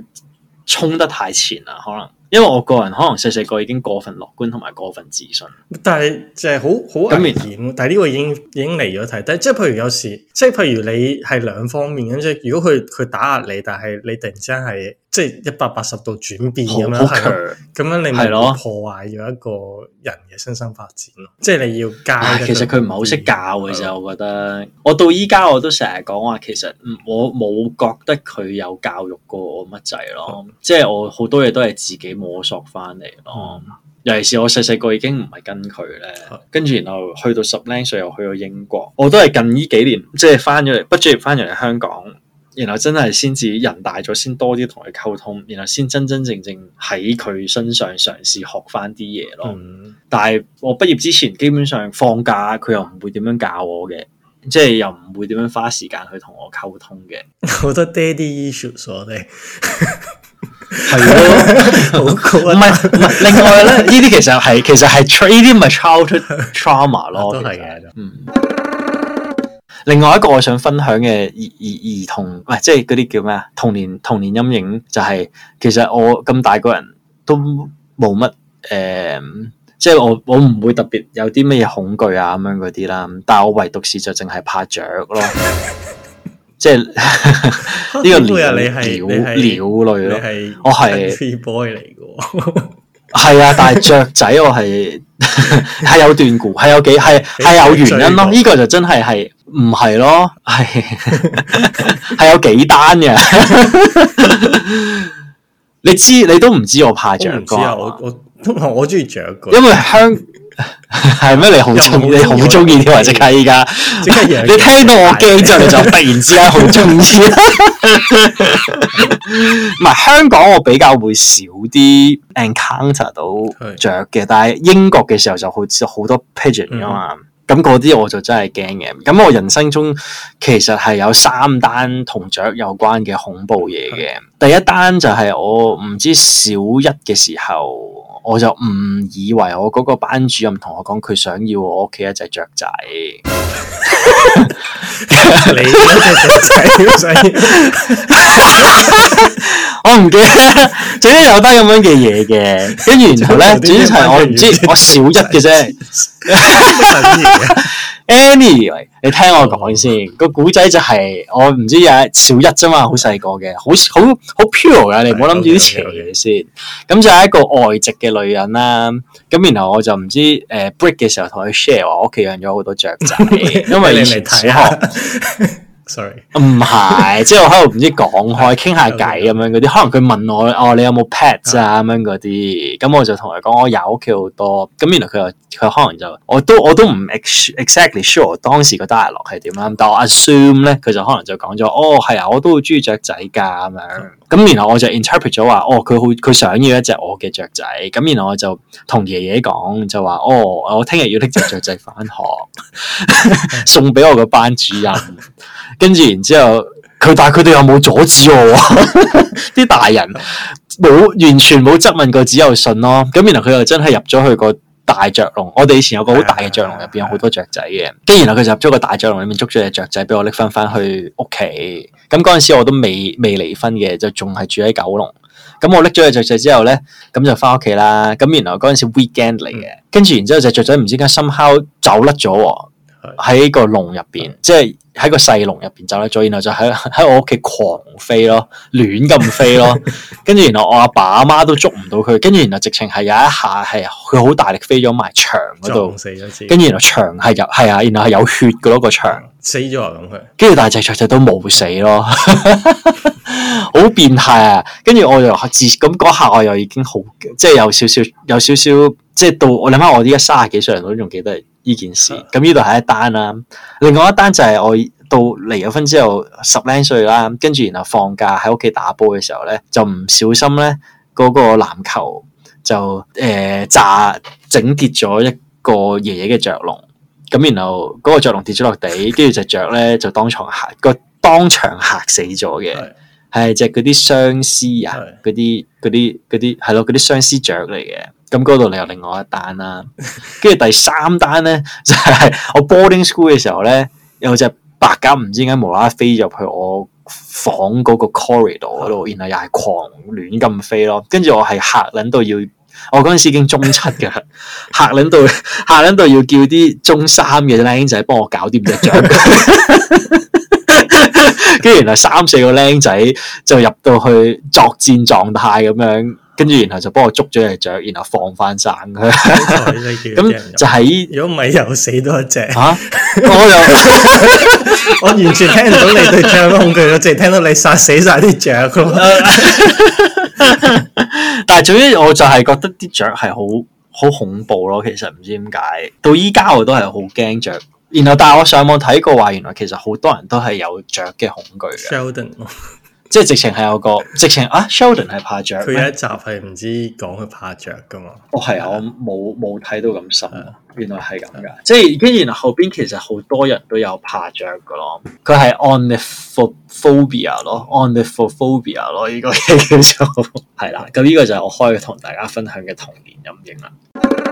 衝得太前啦。可能因為我個人可能細細個已經過分樂觀同埋過分自信，但係就係好好危險。明，但係呢個已經已經離咗題。但係即係譬如有時，即係譬如你係兩方面咁，即係如果佢佢打壓你，但係你突然間係。即係一百八十度轉變咁樣，好強，咁樣你破壞咗一個人嘅身心發展咯。的即係你要教、啊，其實佢唔係好識教嘅啫。我覺得，的我到依家我都成日講話，其實我冇覺得佢有教育過的我乜仔咯。即係我好多嘢都係自己摸索翻嚟咯。嗯、尤其是我細細個已經唔係跟佢咧，跟住的然後去到十零歲又去到英國，我都係近呢幾年即係翻咗嚟，畢業翻咗嚟香港。然後真係先至人大咗，先多啲同佢溝通，然後先真真正正喺佢身上嘗試，試學翻啲嘢咯。嗯、但係我畢業之前，基本上放假佢又唔會點樣教我嘅，即係又唔會點樣花時間去同我溝通嘅。好多 daddy issues 我係咯，好高唔係唔係。另外咧，呢啲其實係 <laughs> 其實係 trad In My childhood 唔係 trauma 咯，都係嘅，嗯。另外一個我想分享嘅兒兒童，唔即係嗰啲叫咩啊？童年童年陰影就係、是、其實我咁大個人都冇乜誒，即、呃、係、就是、我我唔會特別有啲咩恐懼啊咁樣嗰啲啦。但係我唯獨是就淨係怕雀咯， <laughs> 即係呢 <laughs> 個鳥年鳥類咯。我係 boy 嚟㗎。係啊，但係雀仔我係係 <laughs> 有斷估，係有幾係係有原因咯。呢 <laughs> 個就真係係唔係咯，係係 <laughs> 有幾單嘅。你知你都唔知我怕雀哥，我我我中意雀哥，因為香.。 <laughs> 係咩？ <laughs> 你好中，意，你好中意啲或者係依家， <laughs> 你聽到我驚之後， <laughs> 你就突然之間好中意。唔係香港，我比較會少啲 encounter 到雀嘅，的但係英國嘅時候就好的，就好多 pigeon 嘛。咁嗰啲我就真係驚嘅，咁我人生中其實係有三單同雀有關嘅恐怖嘢嘅。是的 第一單就係我唔知小一嘅時候，我就唔以為我嗰個班主任同我講佢想要我屋企一隻雀仔。你隻雀仔我唔記得，總之 <laughs> 有得咁樣嘅嘢嘅，跟住然後咧，主題 <laughs> 我唔知， <laughs> 我小一嘅啫。 <laughs> Annie，、anyway，你聽我講先，個古仔就係、是、我唔知呀，小一啫嘛，好細個嘅，好好好 pure 嘅，你唔好諗住啲邪嘢先。咁、 <laughs> okay, okay, okay。就係一個外籍嘅女人啦，咁然後我就唔知誒、呃、break 嘅時候同佢 share 話，我屋企養咗好多雀仔，因為你嚟睇下。 <laughs> 唔係 Sorry. <laughs> 啊，即係我喺度唔知講開傾下偈咁 <laughs> 樣嗰啲，可能佢問我哦，你有冇 pet 啊咁、嗯、樣嗰啲，咁我就同佢講我有，屋企好多，咁原來佢又佢可能就，我都我都唔 ex exactly sure 當時個 dialog 係點啦，但我 assume 咧，佢就可能就講咗，哦係啊，我都好中意雀仔噶咁樣，咁、嗯、然後我就 interpret 咗話，哦佢好佢想要一隻我嘅雀仔，咁然後我就同爺爺講就話，哦我聽日要拎隻雀仔翻學， <laughs> <laughs> 送俾我個班主任。 <laughs> 跟住，然之後佢，但係佢哋又冇阻止我，啲 <laughs> 大人冇完全冇質問過，只有信咯。咁原來佢又真係入咗去個大雀籠。我哋以前有個好大嘅雀籠面，入邊有好多雀仔嘅。跟住然後佢就入咗個大雀籠裏面捉咗隻雀仔，俾我拎翻翻去屋企。咁嗰陣時我都未未離婚嘅，就仲係住喺九龍。咁我拎咗隻雀仔之後咧，咁就翻屋企啦。咁原來嗰陣時 weekend 嚟嘅。跟住然之後隻雀仔唔知點解 somehow 走甩咗喎。喺個籠入邊，嗯、即係喺個細籠入邊走咗，再然後就喺喺我屋企狂飛咯，亂咁飛咯，跟住 <laughs> 然後我阿爸阿媽，媽都捉唔到佢，跟住然後直情係有一下係佢好大力飛咗埋牆嗰度，跟住然後牆係入係啊，然後係有血嘅咯，那個牆，嗯，死咗啊咁佢，跟住大隻雀仔都冇死咯，好 <laughs> <laughs> 變態啊！跟住我又自咁嗰下我又已經好，即係有少少有少少，即係到我諗下，我依家三十幾歲，我都仲記得。呢件事，咁呢度係一單啦、啊。另外一單就係我到離咗婚之後十零歲啦，跟住然後放假喺屋企打波嘅時候咧，就唔小心咧嗰、那個籃球就誒、呃、炸整跌咗一個爺爺嘅雀龍。咁然後嗰個雀龍跌咗落地，跟住隻雀咧就當場嚇，個當場嚇死咗嘅。係隻嗰啲相思啊，嗰啲嗰啲嗰啲係咯，嗰啲相思雀嚟嘅。咁嗰度你有另外一單啦，跟住第三單咧就係、是、我 boarding school 嘅時候咧，有隻白鴿唔知點解無啦啦飛入去我房嗰個 corridor 嗰度，然後又係狂亂咁飛咯。跟住我係吓撚到要，我嗰陣時已經中七噶啦，吓撚到吓撚到要叫啲中三嘅靚仔幫我搞掂隻雀。 <laughs> <laughs> 跟住，然後三四個僆仔就入到去作戰狀態咁樣，跟住然後就幫我捉咗隻雀，然後放翻佢咁就係，如果唔係又死多一隻。吓，我又我完全聽唔到你對雀恐懼，我淨係聽到你殺死晒啲雀。 <laughs> <laughs> 但係，總之我就係覺得啲雀係好好恐怖咯。其實唔知點解，到依家我都係好驚雀。然後但係我上網睇過話，原來其實好多人都係有雀嘅恐懼嘅，嗯、Sheldon 即係直情係有個直情啊，Sheldon 係怕雀。佢一集係唔知講佢怕雀噶嘛？哦係啊，的我冇冇睇到咁深，的原來係咁噶，即係跟然後後邊其實好多人都有怕雀噶咯。佢係 ornithophobia 咯，ornithophobia 咯，呢個嘢叫做係啦。咁 <laughs> 呢個就係我可以同大家分享嘅童年陰影啦。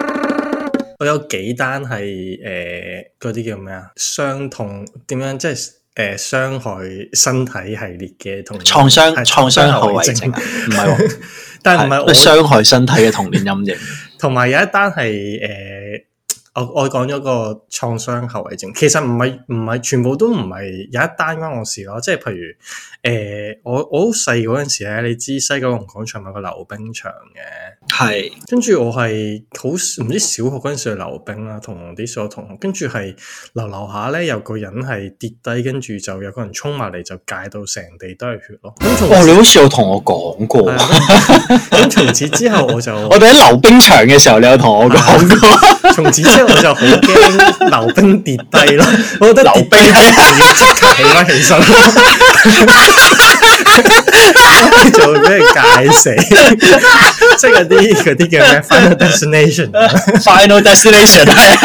我有幾單係誒，嗰啲叫咩啊？傷痛點樣，即係誒傷害身體系列嘅同創傷、創傷後遺症，唔係，但係唔係我傷害身體嘅童年陰影。同埋有一單係誒，我我講咗個創傷後遺症，其實唔係唔係全部都唔係有一單關我事咯。即係譬如誒，我我好細嗰陣時咧，你知西九龍廣場咪個溜冰場嘅。係是，跟住我係好唔知小學嗰陣時去溜冰啦，同啲所有同學，跟住係溜溜下咧，有個人係跌低，跟住就有個人衝埋嚟就界到成地都係血咯。咁從哦，你好似有同我講過，咁從、嗯嗯嗯嗯嗯、此之後我就 <laughs> 我哋喺溜冰場嘅時候，你有同我講過。從、嗯、此之後我就好驚溜冰跌低咯， <laughs> 我覺得溜冰係即刻起翻起身。 <laughs> <laughs> 就呢個解釋， <laughs> <laughs> 即係呢啲叫咩 Final Destination，Final <laughs> Destination 係啊，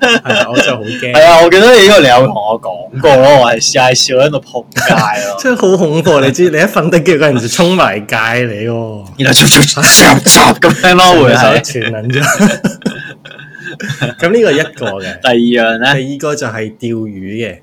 <laughs> <laughs> <laughs> <laughs> 我真係好驚。係啊，我記得呢個你有同我講過咯， <laughs> 還是下笑喺度撲街咯、啊， <laughs> 真係好恐怖。你知你一瞓得嘅嗰人就衝埋街嚟、啊，而家逐逐逐逐咁樣撈回首全能咗。咁呢個一個嘅，第二樣咧，第二個就係釣魚嘅。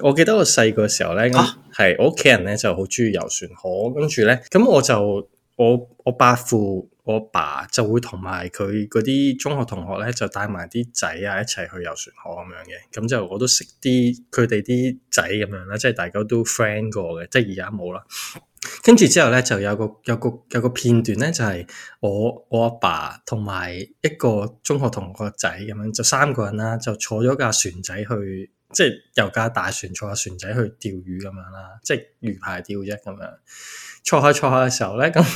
我記得我細個時候咧。啊係我屋企人咧就好中意游船河，跟住咧，咁我就我我伯父我阿爸就會同埋佢嗰啲中學同學咧就帶埋啲仔啊，一齊去游船河咁樣嘅，咁就我都識啲佢哋啲仔咁樣啦，即係大家都 friend 過嘅，即係而家冇啦。跟住之後咧就有個有個有個片段咧就係、是、我我阿爸同埋一個中學同學仔咁樣就三個人啦就坐咗架船仔去。即係又架大船坐下船仔去釣魚咁樣啦，即係魚排釣啫咁樣。坐下坐下嘅時候咧，咁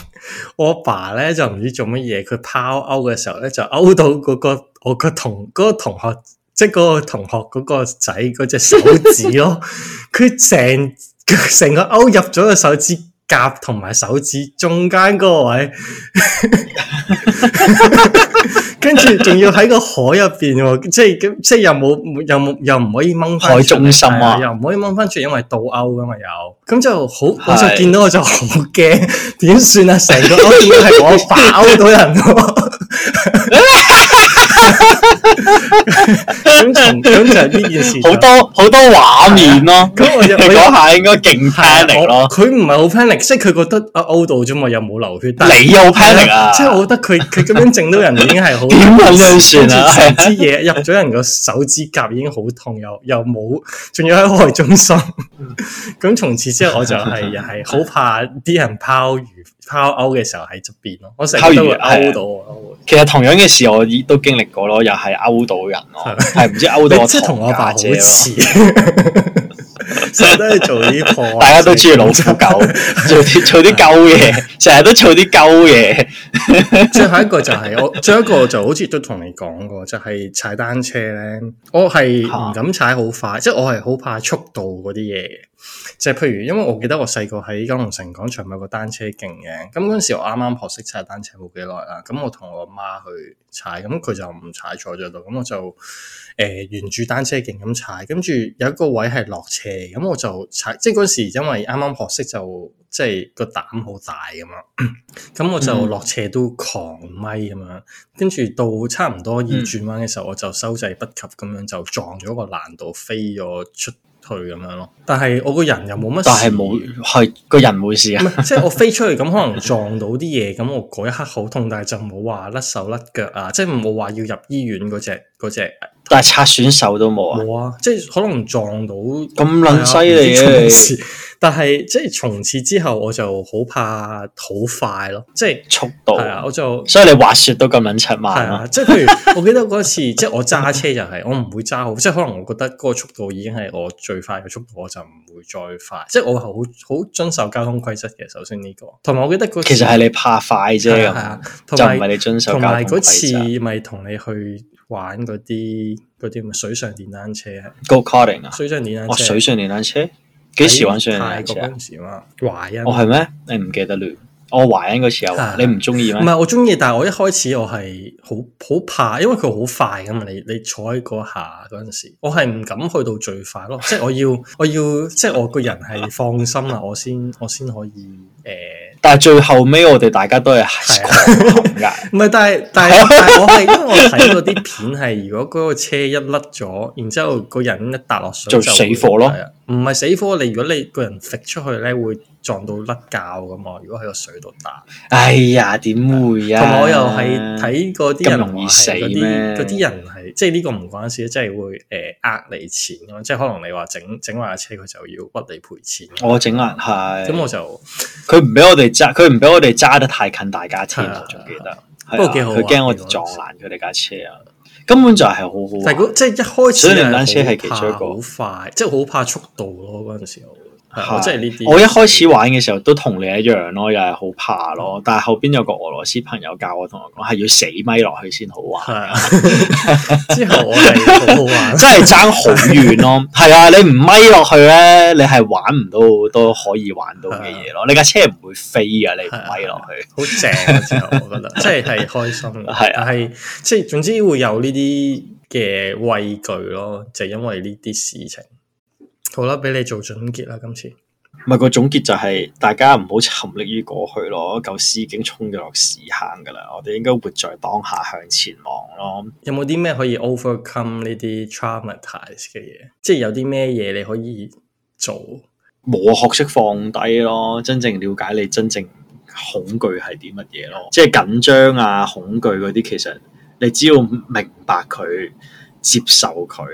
我阿爸咧就唔知做乜嘢，佢拋鈎嘅時候咧就勾到嗰個我個同嗰個同學，即係嗰個同學嗰個仔嗰隻手指咯，佢成成個鈎入咗個手指。甲同埋手指中間嗰位， <laughs> <laughs> 跟住仲要喺個海入邊，即係即係又冇又冇又唔可以掹海中心啊，又唔可以掹翻出嚟，因為又倒鈎咁啊有，咁就好，是我就見到我就好驚，點 <laughs> 算啊？成個鈎點解係我爆到人？ <laughs> 咁從咁就呢件事，好多好多畫面咯。咁 <laughs> 我我嗰下應該勁 panic 咯，佢唔係好 panic，即係佢覺得阿 O 度啫嘛，又冇流血。但你又 panic 啊？即係 <laughs> 我覺得佢佢咁樣整到人已經係好點樣算啊？成支嘢入咗人個手指甲已經好痛，又又冇，仲要喺外中心。咁從此之後我就係又係好怕啲人拋魚。 <laughs> 嗯拋勾嘅時候喺側邊咯，我成日都會勾到，其實同樣嘅事我都經歷過咯，又係勾到人咯，係唔知勾到個即係同我伯爺好似，成日都係做啲破，大家都中意老虎狗，做啲做啲鳩嘢，成日都做啲鳩嘢。最後一個就係我，最後一個就好似都同你講過，就係踩單車咧，我係唔敢踩好快，即係我係好怕速度嗰啲嘢，即係譬如，因為我記得我細個喺九龍城廣場有個單車徑嘅，咁嗰陣時我啱啱學識踩單車冇幾耐啦，咁我同我阿媽去踩，咁佢就唔踩錯咗度，咁我就誒、呃、沿住單車徑咁踩，跟住有一個位係落斜，咁我就踩，即係嗰時因為啱啱學識就即係個膽好大噶嘛咁 <coughs> 我就落斜都狂咪咁樣，跟住，嗯、到差唔多要轉彎嘅時候，嗯、我就收掣不及咁樣就撞咗個欄度飛咗出。咁樣咯，但係我個人又冇乜，但係冇係個人冇事啊，即係我飛出去咁可能撞到啲嘢，咁 <laughs> 我嗰一刻好痛，但係就冇話甩手甩腳啊，即係冇話要入醫院嗰隻隻。但係擦選手都冇啊！冇啊，即係可能撞到咁撚犀利嘅。但係即係從此之後，我就好怕好快咯，即係速度。係啊，我就所以你滑雪都咁撚嘛？慢啊！即係譬如我記得嗰次，即係我揸車就係我唔會揸好，即係可能我覺得嗰個速度已經係我最快嘅速度，我就唔會再快。即係我係好好遵守交通規則嘅，首先呢個。同埋我記得嗰次其實係你怕快啫，就唔係你遵守交通規則。同埋嗰次咪同你去。玩嗰啲啲水上電單車啊，Go-karting 啊，水上電單車，幾時玩水上電單車？泰國嗰陣時嘛，華欣，我係咩？你唔記得嘞？我華欣嗰時候，啊、你唔中意咩？唔係我中意，但係我一開始我係好好怕，因為佢好快噶嘛，你你坐喺個下嗰陣時，我係唔敢去到最快咯，即係的我要我要即係、就是、我個人係放心啦， <laughs> 我先我先可以誒。呃但係最後尾我哋大家都係吓唔同噶，唔係群的 <laughs> 但係但係、啊、但係我係因為我睇過啲片係如果嗰個車一甩咗，然之後個人一踏落水就死火咯。唔係死科，你如果你個人甩出去咧，會撞到甩膠噶嘛？如果喺個水度打，哎呀，點會啊？同我又喺睇嗰啲人，咁容易死咩？嗰啲些嗎人係即係呢個唔關事，即係即會誒呃你錢咯，即係可能你話整整壞架車，佢就要屈你賠錢。我整啊，係咁樣是我就佢唔俾我哋揸，佢唔俾我哋揸得太近大家車，我仲、啊、記得。不過幾好，佢驚我撞爛佢哋架車啊！根本就係好好。即係一開始很很，所以電單車係其中一個好快，即係好怕速度咯，嗰時候。即係呢啲。我，我一開始玩嘅時候都同你一樣咯，又係好怕咯。但係後邊有個俄羅斯朋友教我，我，同我講係要死咪落去先好玩，啊。之後我哋好好玩， <laughs> 真係爭好遠咯。係 <laughs> 啊，你唔咪落去咧，你係玩唔到都可以玩到嘅嘢咯。你架車唔會飛啊，你唔咪落去。好正啊，之後我覺得 <laughs> 即係開心。係，啊，係即係總之會有呢啲嘅畏懼咯，就因為呢啲事情。好啦，俾你做總結啦，今次唔係個總結就係、是、大家唔好沉溺於過去咯，舊事已經沖咗落屎坑噶啦，我哋應該活在當下，向前望咯。有冇啲咩可以 overcome 呢啲 traumatize 嘅嘢？即係有啲咩嘢你可以做？冇學識放低咯，真正了解你真正恐懼係啲乜嘢咯？即係緊張啊、恐懼嗰啲，其實你只要明白佢。接受佢，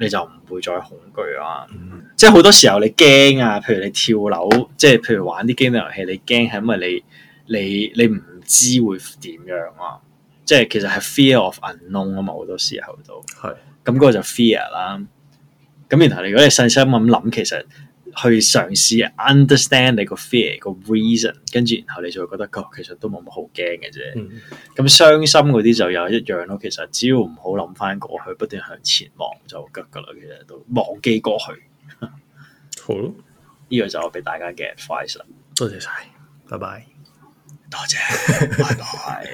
你就唔會再恐懼啊！嗯、即係好多時候你驚啊，譬如你跳樓，即係譬如玩啲機動遊戲，你驚係因為你你你唔知會點樣啊！即係其實係 fear of unknown 啊嘛，好多時候都係咁，嗰是、嗯嗰個就 fear 啦。咁然後如果你細心咁諗，其實～去嘗試 understand 你個 fear 個 reason，跟住然後你就會覺得，個、哦、其實都冇乜好驚嘅啫。咁傷、嗯、心嗰啲就有一樣咯。其實只要唔好諗翻過去，不斷向前望就得噶啦。其實都忘記過去 <laughs> 好咯了。呢個就我俾大家嘅 advice 啦。多謝晒，拜拜。多謝，拜拜。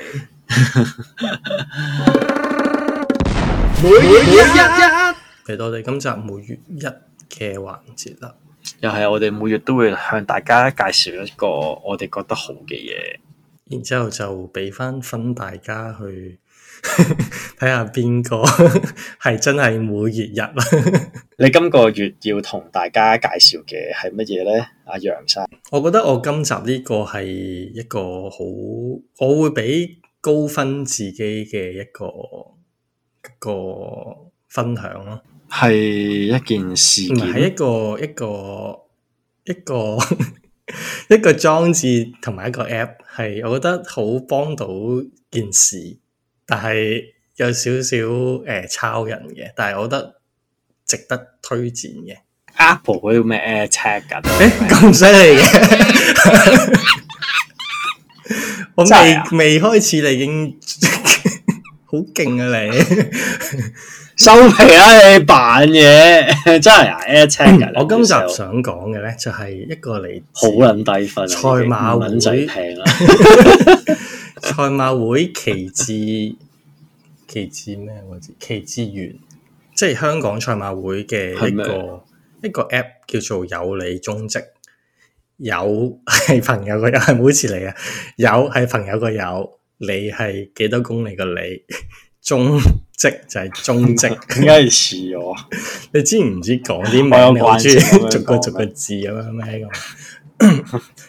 每每月一嚟到我哋今集每月一嘅環節啦。又係我哋每月都會向大家介紹一個我哋覺得好嘅嘢，然之後就畀翻分大家去睇下邊個係真係每月日。 <laughs> 你今個月要同大家介紹嘅係乜嘢呢？阿、啊、楊生，我覺得我今集呢個係一個好，我會畀高分自己嘅一個一個分享咯。係一件事，唔係一個一個一個一個，呵呵一個裝置同埋一個 app，係我覺得好幫到件事，但係有少少誒抄人嘅，但係我覺得值得推薦嘅 Apple 嗰啲咩 AirCheck 誒，咁犀利嘅？我未未開始你已經好勁啊你。 <laughs> 收皮啦！你扮嘢真係啊，青人。我今集想講嘅咧，就係一個嚟好撚低分賽馬會平啦。賽馬會奇志奇志咩？我知奇志源， <laughs> 即係香港賽馬會嘅一個一個 app，叫做有你中職。有係朋友個有，好似你啊。有係朋友個有，你係幾多公里個你？中迹就係、是、中迹，點解係似你知唔知講啲咩，我 <laughs> 你好鍾意逐個逐個字咁樣咩？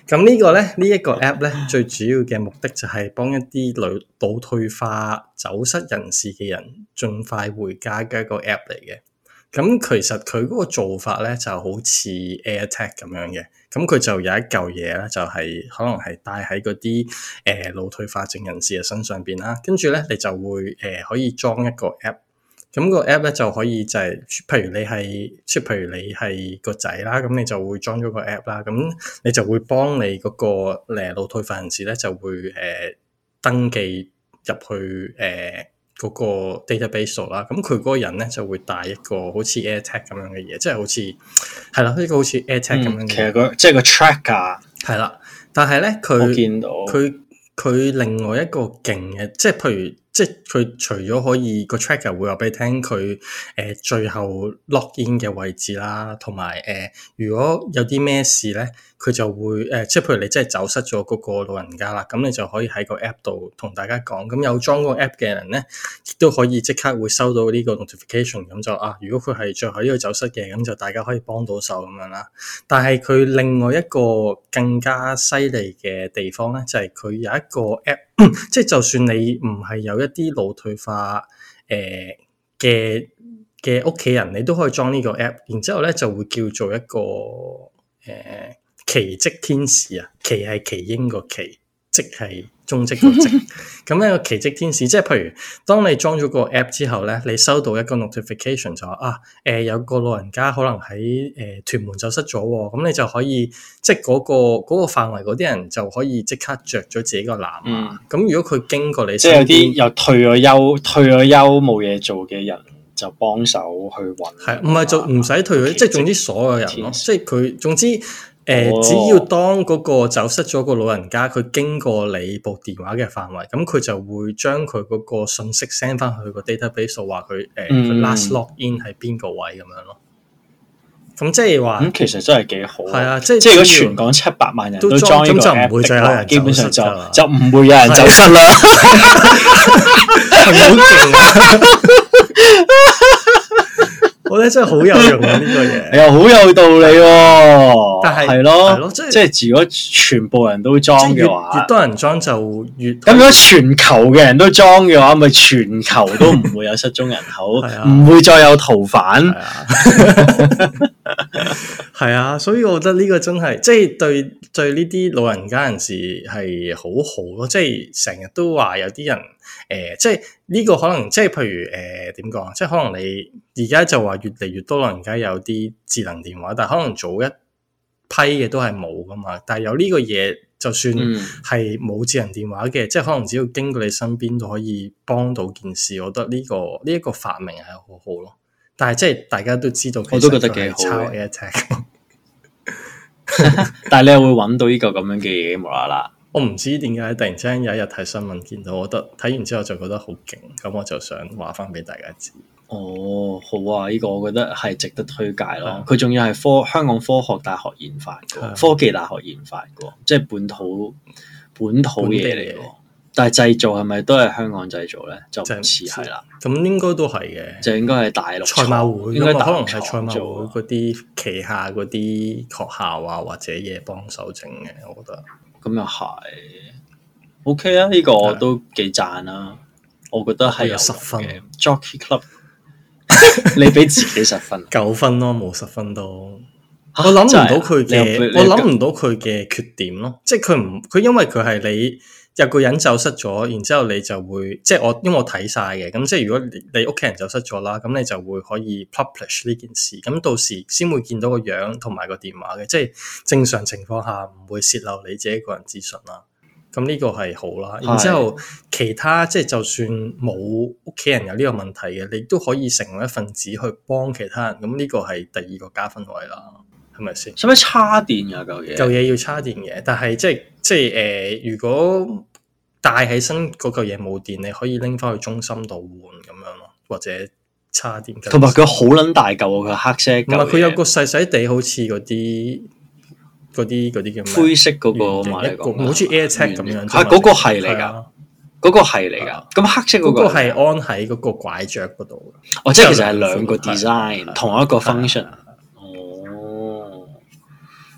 咁 <laughs> 呢個咧，呢、這、一個 app 咧， <laughs> 最主要嘅目的就係幫一啲老到退化、走失人士嘅人，盡快回家嘅一個 app 嚟嘅。咁其實佢嗰個做法咧就好似 AirTag 咁樣嘅，咁佢就有一嚿嘢咧，就係、是、可能係戴喺嗰啲誒腦退化症人士嘅身上邊啦。跟住咧，你就會誒、呃、可以裝一個 App，咁個 App 咧就可以就係、是，譬如你係，譬如你係個仔啦，咁你就會裝咗個 App 啦，咁你就會幫你嗰、那個誒、呃、腦退化人士咧就會誒、呃、登記入去誒。呃嗰個 database 啦，咁佢嗰個人咧就會帶一個好似 AirTag 咁樣嘅嘢，即係好似係啦，呢個好似 AirTag 咁樣、嗯。其實即係個 tracker 係啦，但係咧佢佢佢另外一個勁嘅，即係譬如。即係佢除咗可以個 tracker 會話畀你聽佢誒最後 lock in 嘅位置啦，同埋誒如果有啲咩事咧，佢就會誒、呃、即係譬如你真係走失咗嗰個老人家啦，咁你就可以喺個 app 度同大家講。咁有裝嗰個 app 嘅人咧，亦都可以即刻會收到呢個 notification。咁就啊，如果佢係最後呢個走失嘅，咁就大家可以幫到手咁樣啦。但係佢另外一個更加犀利嘅地方咧，就係、是、佢有一個 app。 <laughs> 即係就算你唔係有一啲腦退化誒嘅嘅屋企人，你都可以裝呢個 app，然之後咧就會叫做一個誒、呃、奇迹天使啊，奇係奇英個奇，即係。公積咁一個奇蹟天使，即係譬如，當你裝咗個 app 之後咧，你收到一個 notification 就話啊，誒、呃，有個老人家可能喺誒、呃、屯門走失咗，咁你就可以，嗯、即係嗰個嗰個範圍嗰啲人就可以即刻着咗自己個藍牙。咁如果佢經過你，即係有啲又退咗休，退咗休冇嘢做嘅人就幫手去搵，係唔係就唔使退咗，正即係總之所有人咯，正即係佢總之。誒，只要當嗰個走失咗個老人家，佢經過你部電話嘅範圍，咁佢就會將佢嗰個信息 send 翻去個 data base 話佢誒 last log in 喺邊個位咁樣咯。咁即係話，咁、嗯、其實真係幾好。係啊，即係即係如果全港七百萬人都裝呢個 app，基本上就唔會有人走失啦。我覺得真係好有用啊，呢 <laughs> 個嘢、 <laughs> <laughs> 啊，又好有道理喎、啊。 <laughs> 但係係咯，即係嘞 <laughs> 如果全部人都裝嘅話， <laughs> 越多人裝就越咁，如果全球嘅人都裝嘅話，咪全球都唔會有失蹤人口，唔、 <laughs> 啊、會再有逃犯。 <laughs> 是啊 <laughs> <laughs> 係 <laughs> 啊，所以我覺得呢個真係，即係對對呢啲老人家人士係好好咯。即係成日都話有啲人誒、呃，即係呢個可能，即係譬如誒點講，即係可能你而家就話越嚟越多老人家有啲智能電話，但係可能早一批嘅都係冇噶嘛。但係有呢個嘢，就算係冇智能電話嘅，嗯、即係可能只要經過你身邊就可以幫到件事。我覺得呢、呢個呢一、呢個發明係好好咯。但係即係大家都知道，我都覺得幾好嘅。 <laughs> <laughs> <laughs> 但係你又會揾到呢嚿咁樣嘅嘢無啦啦 <laughs> 我唔知點解突然之間有一日睇新聞見到，我覺得睇完之後就覺得好勁，咁我就想話翻俾大家知。哦，好啊，呢、這個我覺得係值得推介咯。佢仲要係科香港科學大學研發嘅科技大學研發嘅，即係本土本土嘢嚟嘅。但係製造係咪都係香港製造咧？就唔似係啦。咁應該都係嘅，就應該係大陸賽馬會，應該可能係賽馬會嗰啲旗下嗰啲學校啊，或者嘢幫手整嘅，我覺得。咁又係，OK 啦，呢個都幾讚啦。我覺得係有十分。Jockey Club，、啊、你俾自己十分，九分咯，冇十分都。我諗唔到佢嘅，我諗唔到佢嘅缺點咯。即係佢唔，佢因為佢係你。有個人走失咗，然之後你就會即係我，因為我睇晒嘅，咁即係如果你你屋企人走失咗啦，咁你就會可以 publish 呢件事，咁到時先會見到個樣同埋個電話嘅，即係正常情況下唔會泄漏你自己個人資訊啦。咁呢個係好啦。然之後其他是即係就算冇屋企人有呢個問題嘅，你都可以成為一份子去幫其他人。咁呢個係第二個加分位啦，係咪先？使唔使叉電噶舊嘢？舊嘢要叉電嘅，但係即係。即係誒，如果戴起身嗰嚿嘢冇電，你可以拎翻去中心度換咁樣咯，或者差電。同埋佢好捻大嚿啊！佢黑色，同埋佢有個細細地，好似嗰啲啲啲叫咩？灰色嗰個好似 AirTag 咁樣。吓，嗰個係嚟噶？嗰個係嚟噶？咁黑色嗰個係安喺嗰個拐杖嗰度。哦，即係其實係兩個 design，同一個 function。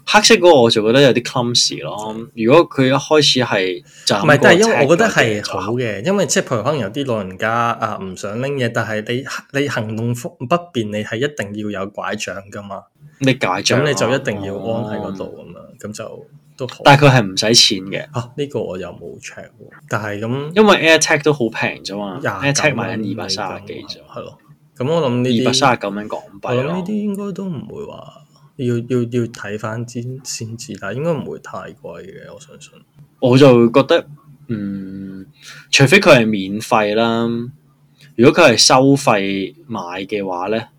黑色嗰個我就覺得有啲 clumsy 咯。如果佢一開始係，唔係？但係因為我覺得係好嘅，因為即係可能有啲老人家啊，唔想拎嘢，但係你你行動不便，你係一定要有拐杖噶嘛。你拐杖，咁你就一定要安喺嗰度啊嘛。咁、哦、就都好。但係佢係唔使錢嘅。哦、啊，呢、這個我又冇 check 喎。但係咁，因為 AirTag 都好平啫嘛，AirTag 買緊二百三十幾啫。係、啊、咯。咁我諗呢啲二百三十九蚊港幣。我諗呢啲應該都唔會話。要要要睇翻先先至，但係應該唔會太貴嘅，我相信。我就覺得，嗯，除非佢係免費啦。如果佢係收費買嘅話咧。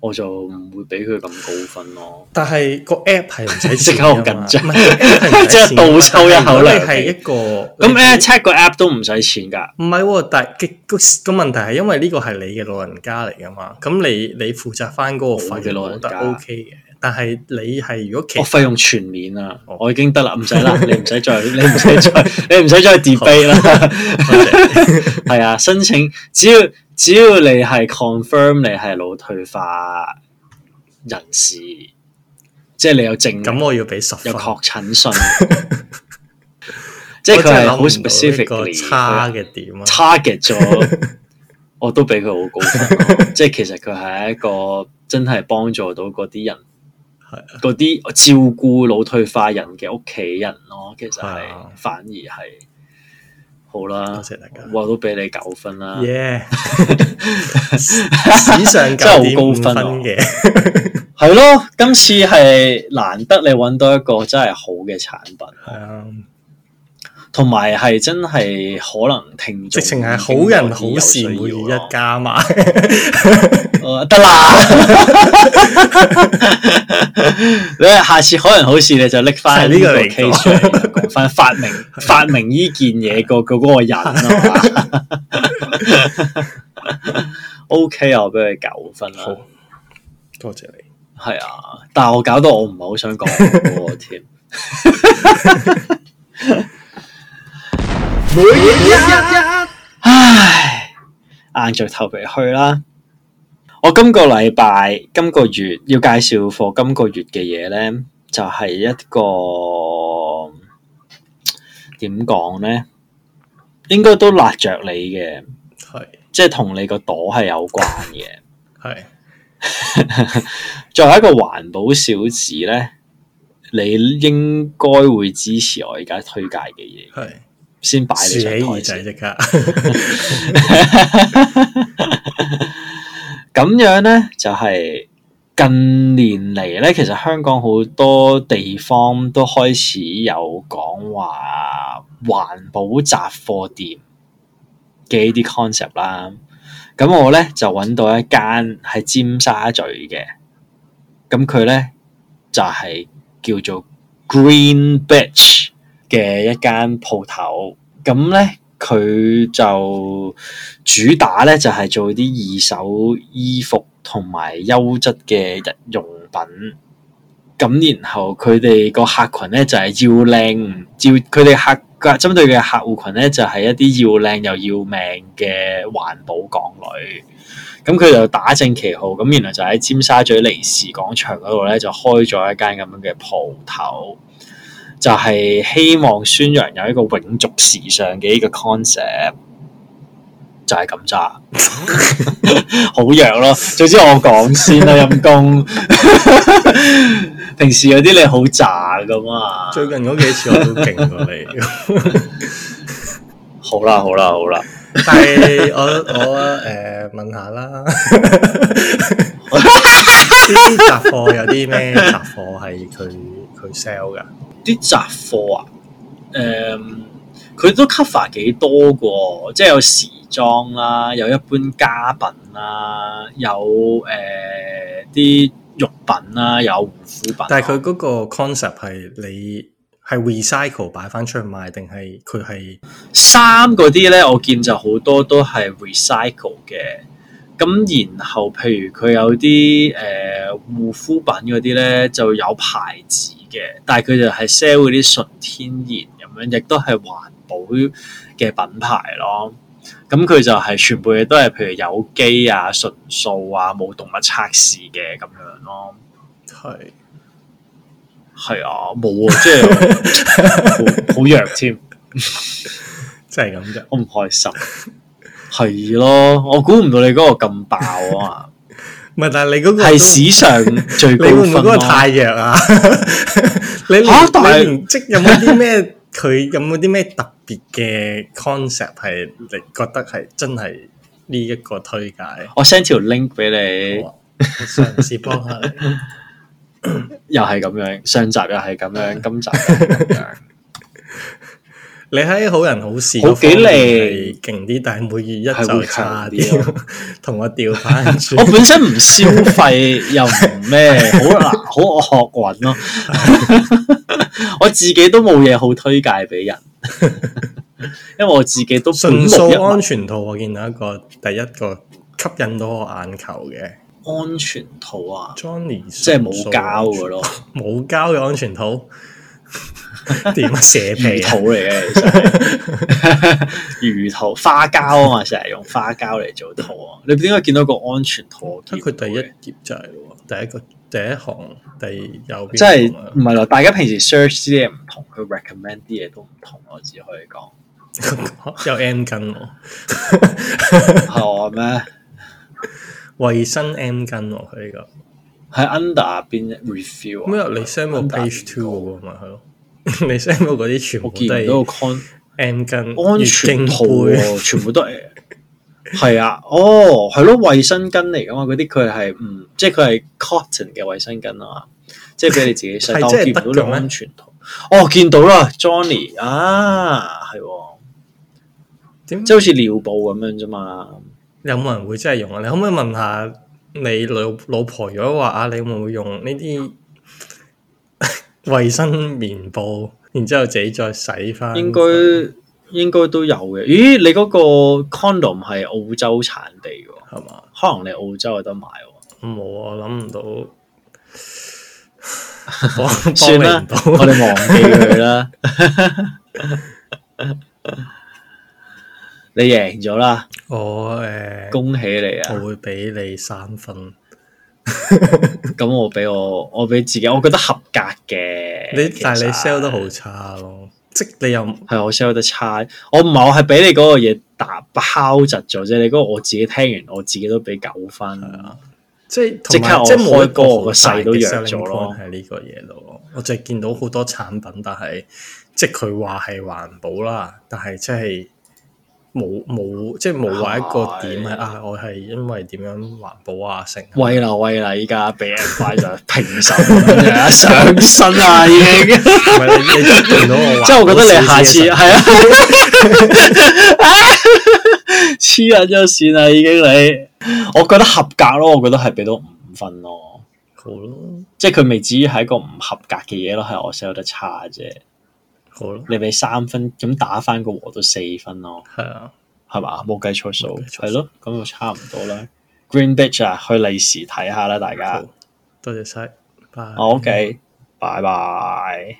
我就唔會俾佢咁高分咯。但係個 app 係唔使錢噶嘛，即係倒抽一口嚟。如果你係一個咁咩 check 個 app 都唔使錢噶，唔係喎。但嘅個個問題係因為呢個係你嘅老人家嚟噶嘛，咁你你負責翻嗰個分嘅老、老人家，ok 嘅。但係你係如果其費、哦、用全面啦，oh. 我已經得啦，唔使啦，你唔使再，你唔使再，你唔使再 debate 啦。係啊，申請只要只要你係 confirm 你係腦退化人士，即係你有證，咁我要俾十，有確診信， <laughs> 即係佢係好 specific 差嘅點啊，差嘅咗，我都俾佢好高分， <laughs> <laughs> 即係其實佢係一個真係幫助到嗰啲人。嗰啲照顧腦退化人嘅屋企人咯，其實係、啊、反而係好啦。多謝，謝大家，我都俾你九分啦。耶！Yeah. <laughs> 史上 <laughs> 真係好高分嘅、啊，係分 <laughs> <laughs> 咯。今次係難得你搵到一個真係好嘅產品。係啊。同埋係真係可能停，直情係好人好事，每一家嘛、 <laughs> 呃，得啦。 <laughs> 你下次好人好事，你就拎翻呢個 case 翻發明 <laughs> 發明呢件嘢個嗰個人啊、 <laughs> <laughs> okay，O K 啊，我俾你九分啦，多謝你。係啊，但係我搞到我唔係好想講嗰個添。 <laughs> <laughs> <laughs> 每日一，唉，硬着頭皮去啦。我今個禮拜、今、今個月要介紹課，今個月嘅嘢呢，就係、是、一個點講呢？應該都辣着你嘅，係是即係同你個朵係有關嘅，係 <laughs> 是 <laughs> 作為一個環保小子呢，你應該會支持我而家推介嘅嘢，先擺你上台仔係即刻。咁 <laughs> <laughs> 樣咧就係、是、近年嚟咧，其實香港好多地方都開始有講話環保雜貨店嘅呢啲 concept 啦。咁我咧就揾到一間喺尖沙咀嘅，咁佢咧就係、是、叫做 Green Beach。嘅一間鋪頭，咁呢，佢就主打呢，就係做啲二手衣服同埋優質嘅日用品，咁然後佢哋個客群呢，就係要靚，照佢哋客格、啊、針對嘅客戶群呢，就係一啲要靚又要命嘅環保港女，咁佢就打正旗號，咁原來就喺尖沙咀利時廣場嗰度呢，就開咗一間咁樣嘅鋪頭。就係希望宣揚有一個永續時尚嘅一個 concept，就係咁咋， <laughs> 好弱咯。總之我講先啦，陰公 <laughs> 平時有啲你好渣噶嘛最近嗰幾次我都勁過你 <laughs> 好。好啦好啦好啦，但係我我誒、uh, 問下啦，啲 <laughs> <laughs> <laughs> 雜貨有啲咩雜貨係佢佢 sell 噶？啲雜貨啊，誒、嗯，佢都 cover 幾多個，即係有時裝啦，有一般家品啦，有誒啲用品啦，有護膚品。但係佢嗰個 concept 係你係 recycle 擺翻出去賣，定係佢係衫嗰啲咧？我見就好多都係 recycle 嘅，咁然後譬如佢有啲誒護膚品嗰啲咧，就有牌子。嘅，但係佢就係 sale 嗰啲純天然咁樣，亦都係環保嘅品牌咯。咁佢就係全部嘢都係譬如有機啊、純素啊、冇動物測試嘅咁樣咯。係係是啊，冇啊， <laughs> 即係好弱添， <laughs> <laughs> 真係咁嘅，我唔開心。係咯、 <laughs> 啊，我估唔到你嗰個咁爆啊！唔係，但係你嗰個係史上最高分你會唔會嗰個太弱啊？ <laughs> 你連是你年即有冇啲咩？佢 <laughs> 有冇啲咩特別嘅 concept 係你覺得係真係呢一個推介？我 send 條 link 俾你，嘗試、啊、幫下你。 <laughs> 又係咁樣，上集又係咁樣，今集又係咁樣。 <laughs> 你喺好人好事嗰方面係勁啲，但係每月一就差啲，同、啊、我調翻。 <laughs> 我本身唔消費 <laughs> 又唔咩，好啦好惡運咯。我自己都冇嘢好推介俾人， <laughs> 因為我自己都純素安全套。我見到一個第一個吸引到我眼球嘅安全套啊，Johnny 即係冇膠嘅咯，冇膠嘅安全套。點蛇皮肚嚟嘅，其實魚肚 <laughs> 花膠啊嘛，成日用花膠嚟做肚啊。你點解見到個安全套？佢第一頁就係咯，第一個第一行第右邊。真係唔係咯，大家平時 search 啲嘢唔同，佢 recommend 啲嘢都唔同。我只可以講 <laughs> 有 M 巾喎，係咩？衛 <laughs> <laughs> <laughs> 生 M 巾喎，佢呢、這個喺 under 邊 review 咁你 send page two 喎，咪係咯？ <laughs> 你 send 我嗰啲全部都係安全套、啊、徑盃 <laughs> 全部都係係 <laughs> 啊，哦，係咯，衛生巾嚟噶嘛，嗰啲佢係唔，即係佢係 cotton 嘅衛生巾啊，嘛，即係俾你自己洗，但 <laughs> 我見唔到你安全套， <laughs> 哦，見到啦，Johnny 啊，係點、啊、樣即係好似尿布咁樣啫嘛，有冇人會真係用啊？你可唔可以問下你老老婆有有，如果話啊，你會唔會用呢啲？衛生棉布，然之後自己再洗翻。應該應該都有嘅。咦，你嗰個 condom 係澳洲產地嘅，係嘛吧？可能你澳洲有得買。冇啊，諗唔到。算 <laughs> <laughs> <laughs> 啦，我哋忘記佢啦。你贏咗啦！我誒，恭喜你啊！我會俾你三分。咁 <laughs> 我俾我，我俾自己，我覺得合格嘅。你實但係你 sell 得好差咯，即你又係、嗯、我 sell 得差，我唔係我係俾你嗰個嘢，打包窒咗啫。你嗰個我自己聽完，我自己都俾九分，即係即刻即係開哥個勢都弱咗咯。係呢個嘢咯，我就係見到好多產品，但係即係佢話係環保啦，但係即係。冇冇，即係冇話一個點係的啊！我係因為點樣環保啊？成威啦威啦，依家俾人快 <laughs> 就評審啊， <laughs> 上身啊，已經唔係 <laughs> 你你對唔到我。即係我覺得你下次係啊，黐人一線啊，已經你，我覺得合格咯，我覺得係俾到五分咯，好咯吧，即係佢未至於係一個唔合格嘅嘢咯，係我寫得差啫。你俾三分，咁打翻個和都四分咯。係啊，係嘛，冇計錯數，係咯，咁就差唔多啦。Green bitch 啊，去利時睇下啦，大家。多謝晒，好 OK，拜拜。